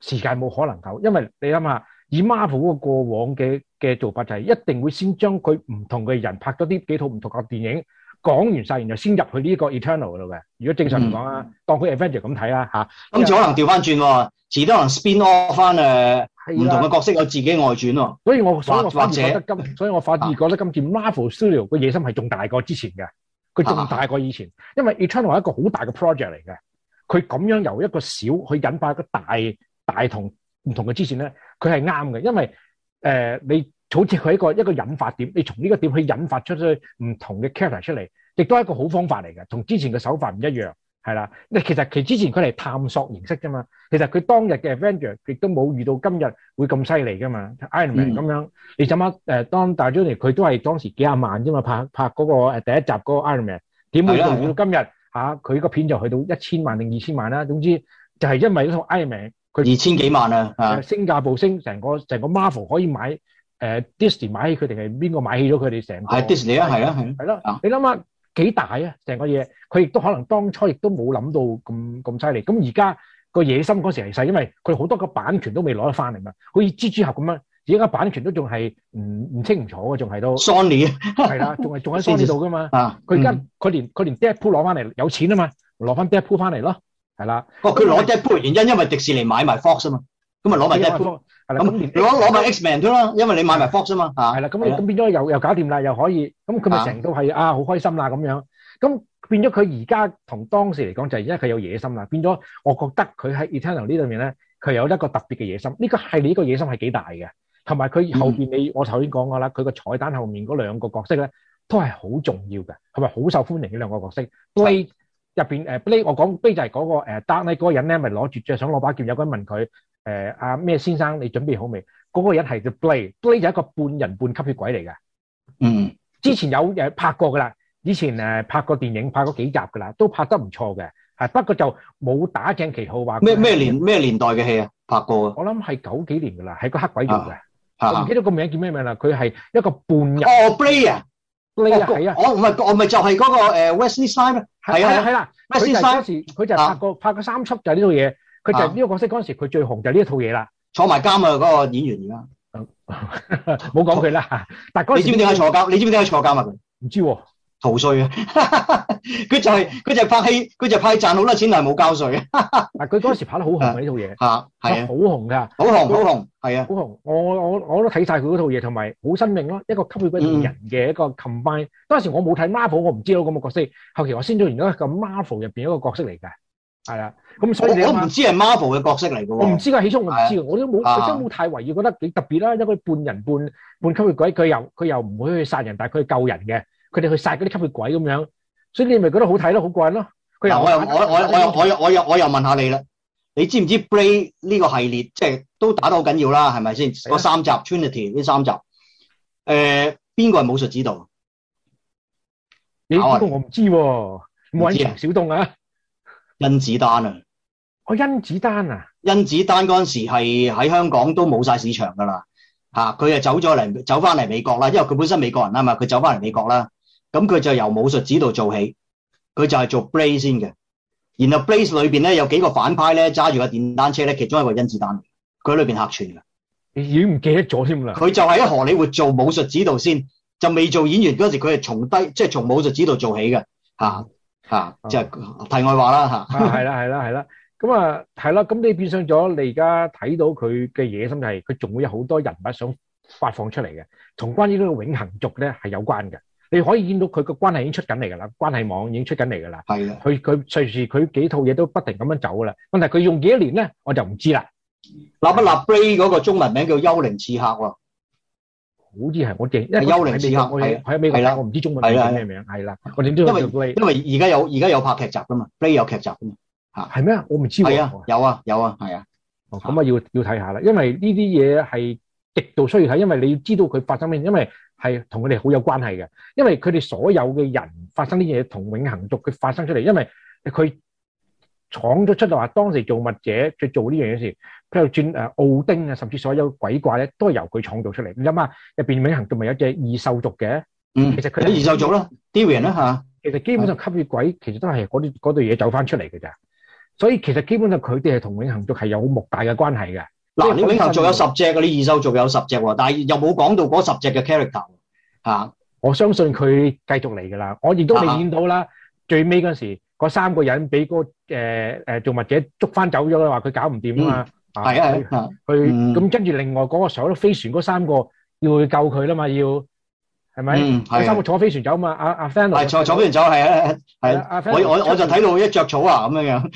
時間冇可能夠，因為你諗下。以 Marvel 個過往嘅嘅做法就係，一定會先將佢唔同嘅人拍多啲幾套唔同嘅電影講完晒，然後先入去呢個 Eternal 度嘅。如果正常嚟講啊，當佢 Avenger 咁睇啦吓，今次可能調翻轉喎，遲、啊、啲、啊、可能 Spin Off 翻誒唔同嘅角色有自己外傳喎、啊。所以我所以我反而覺得今，所以我反而覺得今次，次 Marvel Studio 個野心係仲大過之前嘅，佢仲大過以前，啊、因為 Eternal 係一個好大嘅 project 嚟嘅，佢咁樣由一個小去引發一個大大同唔同嘅之前咧。佢係啱嘅，因為誒、呃、你好似佢一個一個引發點，你從呢個點去引發出去唔同嘅 character 出嚟，亦都係一個好方法嚟嘅，同之前嘅手法唔一樣，係啦。你其實其實之前佢係探索形式啫嘛，其實佢當日嘅 Avenger 亦都冇遇到今日會咁犀利噶嘛，Iron Man 咁樣。嗯、你怎麼誒當大 j u l y 佢都係當時幾廿萬啫嘛，拍拍嗰、那個第一集嗰、那個 Iron Man 點會做到今日佢、嗯啊、個片就去到一千萬定二千萬啦、啊。總之就係因為呢套 Iron Man。佢二千幾萬啊！升價步升成個成個 Marvel 可以買誒 Disney、呃、買起佢哋係邊個買起咗佢哋成？係 Disney 啊，係啊，係咯。你諗下幾大啊？成個嘢，佢亦都可能當初亦都冇諗到咁咁犀利。咁而家個野心嗰時嚟晒，因為佢好多個版權都未攞得翻嚟嘛。好似蜘蛛俠咁樣，而家版權都仲係唔唔清唔楚啊，仲係都 Sony 係啦，仲係仲喺 Sony 度噶嘛。佢而家佢連佢連 Deadpool 攞翻嚟有錢啊嘛，攞翻 Deadpool 翻嚟咯。係啦，哦，佢攞 Deadpool 原因因為迪士尼買埋 Fox 啊嘛，咁咪攞埋 Deadpool 係啦，咁攞攞埋 Xman 咗啦，X -X 因為你買埋 Fox 啊嘛，吓係啦，咁咁變咗又又搞掂啦，又可以，咁佢咪成到係啊，好開心啦咁樣，咁變咗佢而家同當時嚟講就係、是、因為佢有野心啦，變咗我覺得佢喺 Eternals 呢度面咧，佢有一個特別嘅野心，呢、這個系列呢個野心係幾大嘅，同埋佢後邊、嗯、你我頭先講過啦，佢個彩蛋後面嗰兩個角色咧，都係好重要嘅，係咪好受歡迎呢兩個角色入邊誒 blade，我講 blade 就係嗰個誒 dark 咧嗰個人咧，咪攞住即係想攞把劍。有個人問佢誒阿咩先生，你準備好未？嗰個人係 the blade，blade 就係一個半人半吸血鬼嚟嘅。嗯，之前有誒拍過噶啦，以前誒拍過電影，拍過幾集噶啦，都拍得唔錯嘅。嚇，不過就冇打正旗號話咩咩年咩年代嘅戲啊？拍過啊？我諗係九幾年噶啦，係個黑鬼做嘅。嚇，我唔記得個名叫咩名啦。佢係一個半人。哦，blade 啊！你啊，我唔係，我唔係就係嗰、嗰個 West Side 咩？係、呃、啊，係啦 West Side 嗰時佢就、啊、就拍過拍過三輯就係呢套嘢，佢就係呢個角色嗰、啊、時佢最紅就呢一套嘢啦。坐埋監啊，嗰個演員而家、哦，冇講佢啦嚇。但你知唔知點解坐監？你知唔知點解坐監啊？唔知喎。逃稅啊！佢 就係、是、佢就拍戲，佢就拍賺好多錢，但係冇交稅。但係佢嗰時拍得好紅呢套嘢，吓係好紅噶，好紅好紅，係啊，好紅！我我我都睇晒佢套嘢，同埋好新穎咯，一個吸血鬼變人嘅一個 combine、嗯。當時我冇睇 Marvel，我唔知道咁嘅角色。後期我先知完咗一個 Marvel 入邊一個角色嚟嘅，係啦。咁所以我唔知係 Marvel 嘅角色嚟嘅。我唔知噶，起初我唔知我都冇，我冇太留意覺得幾特別啦。一個半人半半吸血鬼，佢又佢又唔會去殺人，但係佢救人嘅。佢哋去殺嗰啲吸血鬼咁樣，所以你咪覺得好睇咯，好貴咯。佢又我又我我我又我又我又我又問下你啦，你知唔知《Blade》呢個系列即係都打得好緊要啦？係咪先嗰三集《Trinity》呢三集？誒、呃，邊個係武術指導？呢個我唔知喎，唔揾陳小東啊，甄、啊啊子，啊、子丹啊，我甄子丹啊，甄子丹嗰陣時係喺香港都冇晒市場㗎啦，嚇佢誒走咗嚟走翻嚟美國啦，因為佢本身美國人啊嘛，佢走翻嚟美國啦。咁佢就由武術指導做起，佢就係做 Blaze 先嘅，然後 Blaze 裏邊咧有幾個反派咧揸住個電單車咧，其中一個甄子丹佢裏邊客串嘅。你已經唔記得咗添啦。佢就係喺荷里活做武術指導先，就未做演員嗰時，佢係從低即係從武術指導做起嘅。吓、啊、吓，即、啊、係、即係、題外話啦吓。係啦係啦係啦，咁啊係啦，咁你變相咗，你而家睇到佢嘅野心係，佢仲會有好多人物想發放出嚟嘅，同關於呢個永恆族咧係有關嘅。你可以見到佢個關係已經出緊嚟㗎啦，關係網已經出緊嚟㗎啦。係啊，佢佢隨時佢幾套嘢都不停咁樣走㗎啦。問題佢用幾多年咧，我就唔知啦。《拿不拿 Bray》嗰個中文名叫幽靈刺客喎，好似係我記，因為幽靈刺客係喺美國，我唔知中文係咩名，係啦。我點知 Bray，因為因為而家有而家有拍劇集㗎嘛，Bray 有劇集㗎嘛，嚇係咩？我唔知喎、啊。係啊，有啊有啊，係啊。咁、哦、啊要要睇下啦，因為呢啲嘢係。極度需要睇，因為你要知道佢發生咩，因為係同佢哋好有關係嘅。因為佢哋所有嘅人發生啲嘢，同永恆族佢發生出嚟，因為佢闖咗出嚟話當時造物者去做呢樣嘢時，佢又轉誒奧丁啊，甚至所有鬼怪咧都係由佢創造出嚟。你諗下，入邊永恆族咪有隻異獸族嘅、嗯，其實佢係異獸族啦 d w a 吓，其實基本上吸血鬼其實都係嗰啲嗰度嘢走翻出嚟嘅咋，所以其實基本上佢哋係同永恆族係有好莫大嘅關係嘅。嗱，你永遠仲有十隻嗰啲二手仲有十隻喎，但係又冇講到嗰十隻嘅 character 吓。我相信佢繼續嚟噶啦，我亦都未見到啦，最尾嗰時嗰三個人俾嗰誒誒造物者捉翻走咗啦，話佢搞唔掂啊嘛。係啊，佢咁跟住另外嗰個坐咗飛船嗰三個要去救佢啦嘛，要係咪？嗯，係。三個坐飛船走啊嘛，阿阿 Fenno。係坐坐飛船走，係啊，係。我我我就睇到一着草啊，咁樣樣。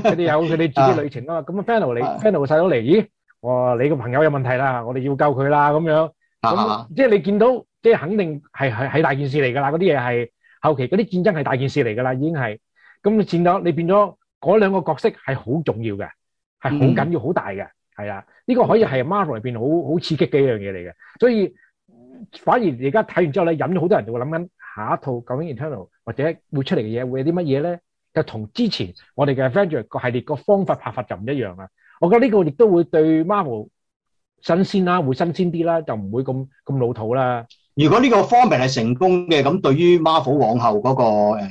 佢哋有佢哋自己旅程啊嘛，咁啊 Fenno 嚟，Fenno 細佬嚟，咦？哦、你個朋友有問題啦，我哋要救佢啦，咁樣咁、啊、即係你見到，即係肯定係係係大件事嚟噶啦，嗰啲嘢係後期嗰啲戰爭係大件事嚟噶啦，已經係咁你見到你變咗嗰兩個角色係好重要嘅，係好緊要好、嗯、大嘅，係啦，呢、這個可以係 Marvel 入邊好好刺激嘅一樣嘢嚟嘅，所以反而而家睇完之後咧，引咗好多人就會諗緊下一套究竟 Eternals 或者會出嚟嘅嘢會有啲乜嘢咧？就同之前我哋嘅 Avenger 個系列個方法拍法就唔一樣啦。我覺得呢個亦都會對 Marvel 新鮮啦，會新鮮啲啦，就唔會咁咁老土啦。如果呢個方面係成功嘅，咁對於 Marvel 往後嗰個、呃、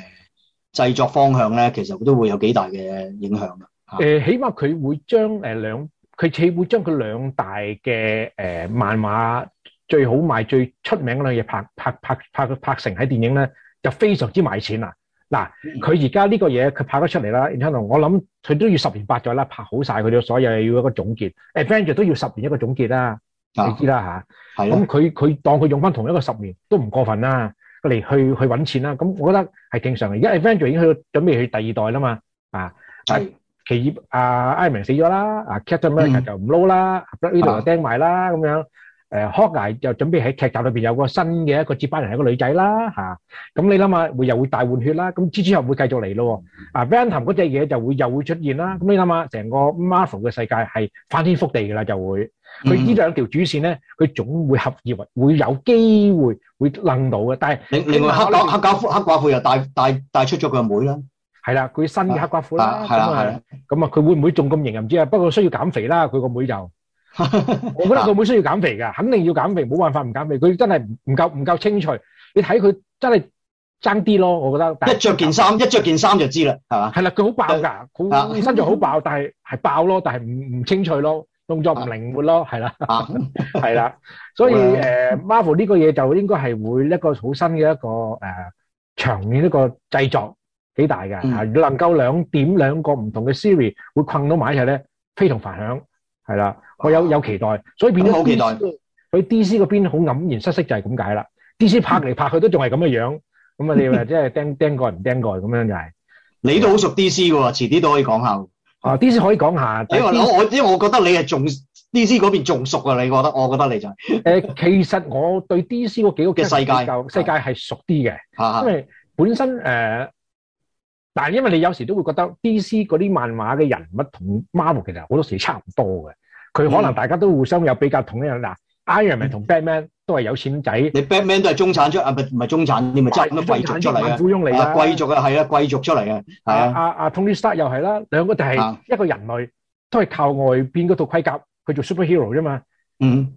製作方向咧，其實都會有幾大嘅影響的、呃、起碼佢會將誒兩、佢似會將佢兩大嘅、呃、漫畫最好賣、最出名嗰兩嘢拍拍拍拍佢拍成喺電影咧，就非常之賣錢啦。嗱，佢而家呢個嘢佢拍得出嚟啦 international 我諗佢都要十年八載啦，拍好晒佢哋所有，要一個總結。Avenger 都要十年一個總結啦，你知啦嚇。咁佢佢當佢用返同一個十年都唔過分啦，嚟去去揾錢啦。咁、嗯、我覺得係正常嘅。而家 Avenger 已經去準備去第二代啦嘛。啊，阿企業 Iron Man 死咗啦，Captain America 就唔撈啦，Black Widow 又釘埋啦，咁、嗯啊、樣。誒，Hawkeye 就準備喺劇集裏邊有個新嘅一個接班人，係個女仔啦嚇。咁你諗下會又會大換血啦。咁蜘蛛俠會繼續嚟咯。啊，Venom 嗰隻嘢就會又會出現啦。咁你諗下，成個 Marvel 嘅世界係翻天覆地噶啦，就會佢呢兩條主線咧，佢總會合業，會有機會會楞到嘅。但係另另外，黑寡黑寡婦黑寡婦又帶帶帶出咗佢個妹啦。係啦，佢新嘅黑寡婦啦。係啦，係啦。咁啊，佢會唔會仲咁型又唔知啊？不過需要減肥啦，佢個妹就。我覺得個妹需要減肥噶，肯定要減肥，冇辦法唔減肥。佢真係唔夠唔夠清脆，你睇佢真係爭啲咯。我覺得一着件衫，一着件衫就知啦，係嘛？係啦，佢好爆噶，佢身材好爆，但係係爆咯，但係唔唔清脆咯，動作唔靈活咯，係啦，係啦。所以誒，Marvel 呢個嘢就應該係會一個好新嘅一個誒場面，一個製作幾大嘅吓。如果能夠兩點兩個唔同嘅 Siri 會困到埋一齊咧，非同凡響。係啦，我有有期待，所以變咗。好期待。佢 D.C. 嗰邊好黯然失色就是這，就係咁解啦。D.C. 拍嚟拍去都仲係咁嘅樣，樣，咁啊、 就是，你話即係釘釘蓋唔釘蓋咁樣就係。你都好熟 D.C. 噶，遲啲都可以講下。啊，D.C. 可以講下。因為我、就是、DC, 我因為我覺得你係仲 D.C. 嗰邊仲熟噶、啊，你覺得？我覺得你就係、是。誒、 呃，其實我對 D.C. 嗰幾個嘅世界，世界係熟啲嘅。 因為本身誒、呃，但係因為你有時都會覺得 D.C. 嗰啲漫畫嘅人物同 Marvel 其實好多時差唔多嘅。佢可能大家都互相有比較同一樣啦。嗱、嗯、，Iron Man 同 Batman 都係有錢仔，你 Batman 都係中產出啊？唔係中產，你咪真係乜貴產出嚟啊？貴族啊，係啊，貴族出嚟嘅，係啊。阿、啊、阿 Tony Stark 又係啦，兩個就係一個人類，啊、都係靠外邊嗰套盔甲去做 superhero 啫嘛。嗯，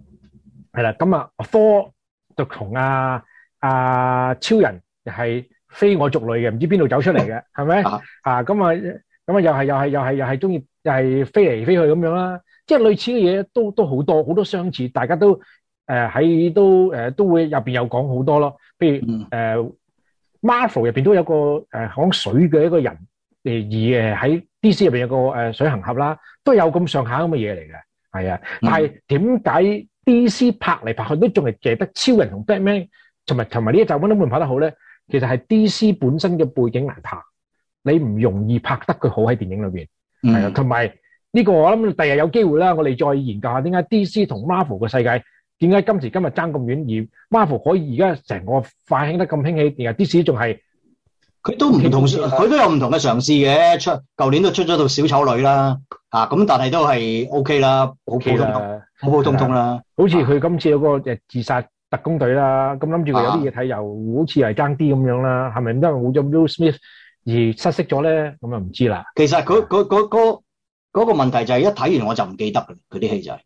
係啦。咁啊，Four 毒蟲啊，阿、啊啊、超人又係非我族類嘅，唔知邊度走出嚟嘅，係咪？啊咁啊咁啊，又係又係又係又係中意又係飛嚟飛去咁樣啦～即係類似嘅嘢都都好多好多相似，大家都誒喺、呃、都誒都會入邊有講好多咯，譬如誒、呃、Marvel 入邊都有個誒講、呃、水嘅一個人，而誒喺 DC 入邊有個誒水行俠啦，都有咁上下咁嘅嘢嚟嘅，係啊。嗯、但係點解 DC 拍嚟拍去都仲係記得超人同 Batman 同埋同埋呢一集温温拍得好咧？其實係 DC 本身嘅背景難拍，你唔容易拍得佢好喺電影裏邊，係啊，同埋。呢個我諗第日有機會啦，我哋再研究下點解 DC 同 Marvel 嘅世界點解今時今日爭咁遠，而 Marvel 可以而家成個快興得咁興起，而 DC 仲係佢都唔同，佢都有唔同嘅嘗試嘅。出舊年都出咗套小丑女啦，嚇咁，但係都係 OK 啦，普通，普普通通啦。好似佢今次有個嘅自殺特工隊啦，咁諗住佢有啲嘢睇，又好似係爭啲咁樣啦，係咪因為冇咗 Will Smith 而失色咗咧？咁又唔知啦。其實嗰嗰嗰個。嗰、那個問題就係一睇完我就唔記得佢啲戲就係、是，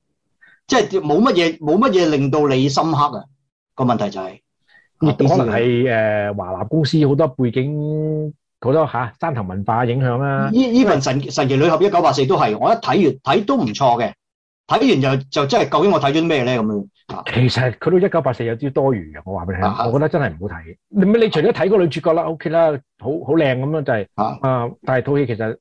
即係冇乜嘢冇乜嘢令到你深刻啊！那個問題就係、是，可能係誒、呃、華納公司好多背景好多、啊、山頭文化影響啦、啊。呢依神神奇女俠》一九八四都係，我一睇完睇都唔錯嘅，睇完就就真係究竟我睇咗咩咧咁樣？其實佢都一九八四有啲多餘嘅，我話俾你聽、啊，我覺得真係唔好睇。你你除咗睇個個女主角啦，OK 啦，好好靚咁樣就係、是、啊、啊，但係套戲其實。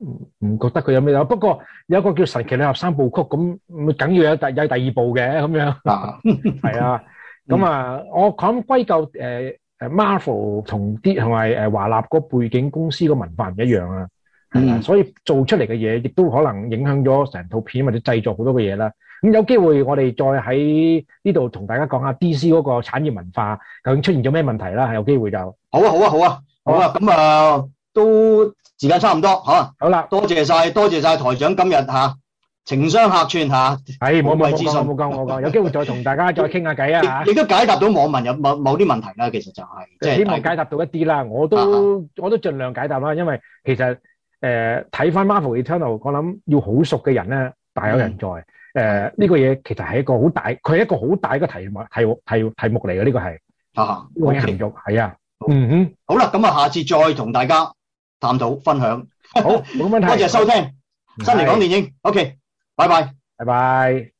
唔唔覺得佢有咩，不過有一個叫神奇女俠三部曲咁，梗要有第有第二部嘅咁樣。係 係啊，咁啊，嗯、我講歸咎誒誒、呃、，Marvel 同啲同埋誒華納背景公司個文化唔一樣啊，啊嗯、所以做出嚟嘅嘢亦都可能影響咗成套片或者製作好多嘅嘢啦。咁有機會我哋再喺呢度同大家講下 DC 嗰個產業文化究竟出現咗咩問題啦？係有機會就好啊，好啊，好啊，好啊，咁啊。都時間差唔多，吓，好啦，多謝晒，多謝晒台長今日吓，情商客串吓，係冇計資訊冇交我講， 有機會再同大家再傾下偈啊吓，你都解答到網民有某某啲問題啦，其實就係即係希望解答到一啲啦，我都、啊、我都盡量解答啦，因為其實誒睇翻 Marvel Eternal，我諗要好熟嘅人咧，大有人在誒，呢、嗯呃這個嘢其實係一個好大，佢係一個好大嘅個題目題題題目嚟嘅，呢個係啊，呢個係延啊，嗯哼，好啦，咁啊，下次再同大家。探討分享，好，冇問題，多謝收聽，辛尼講電影，OK，拜拜，拜拜。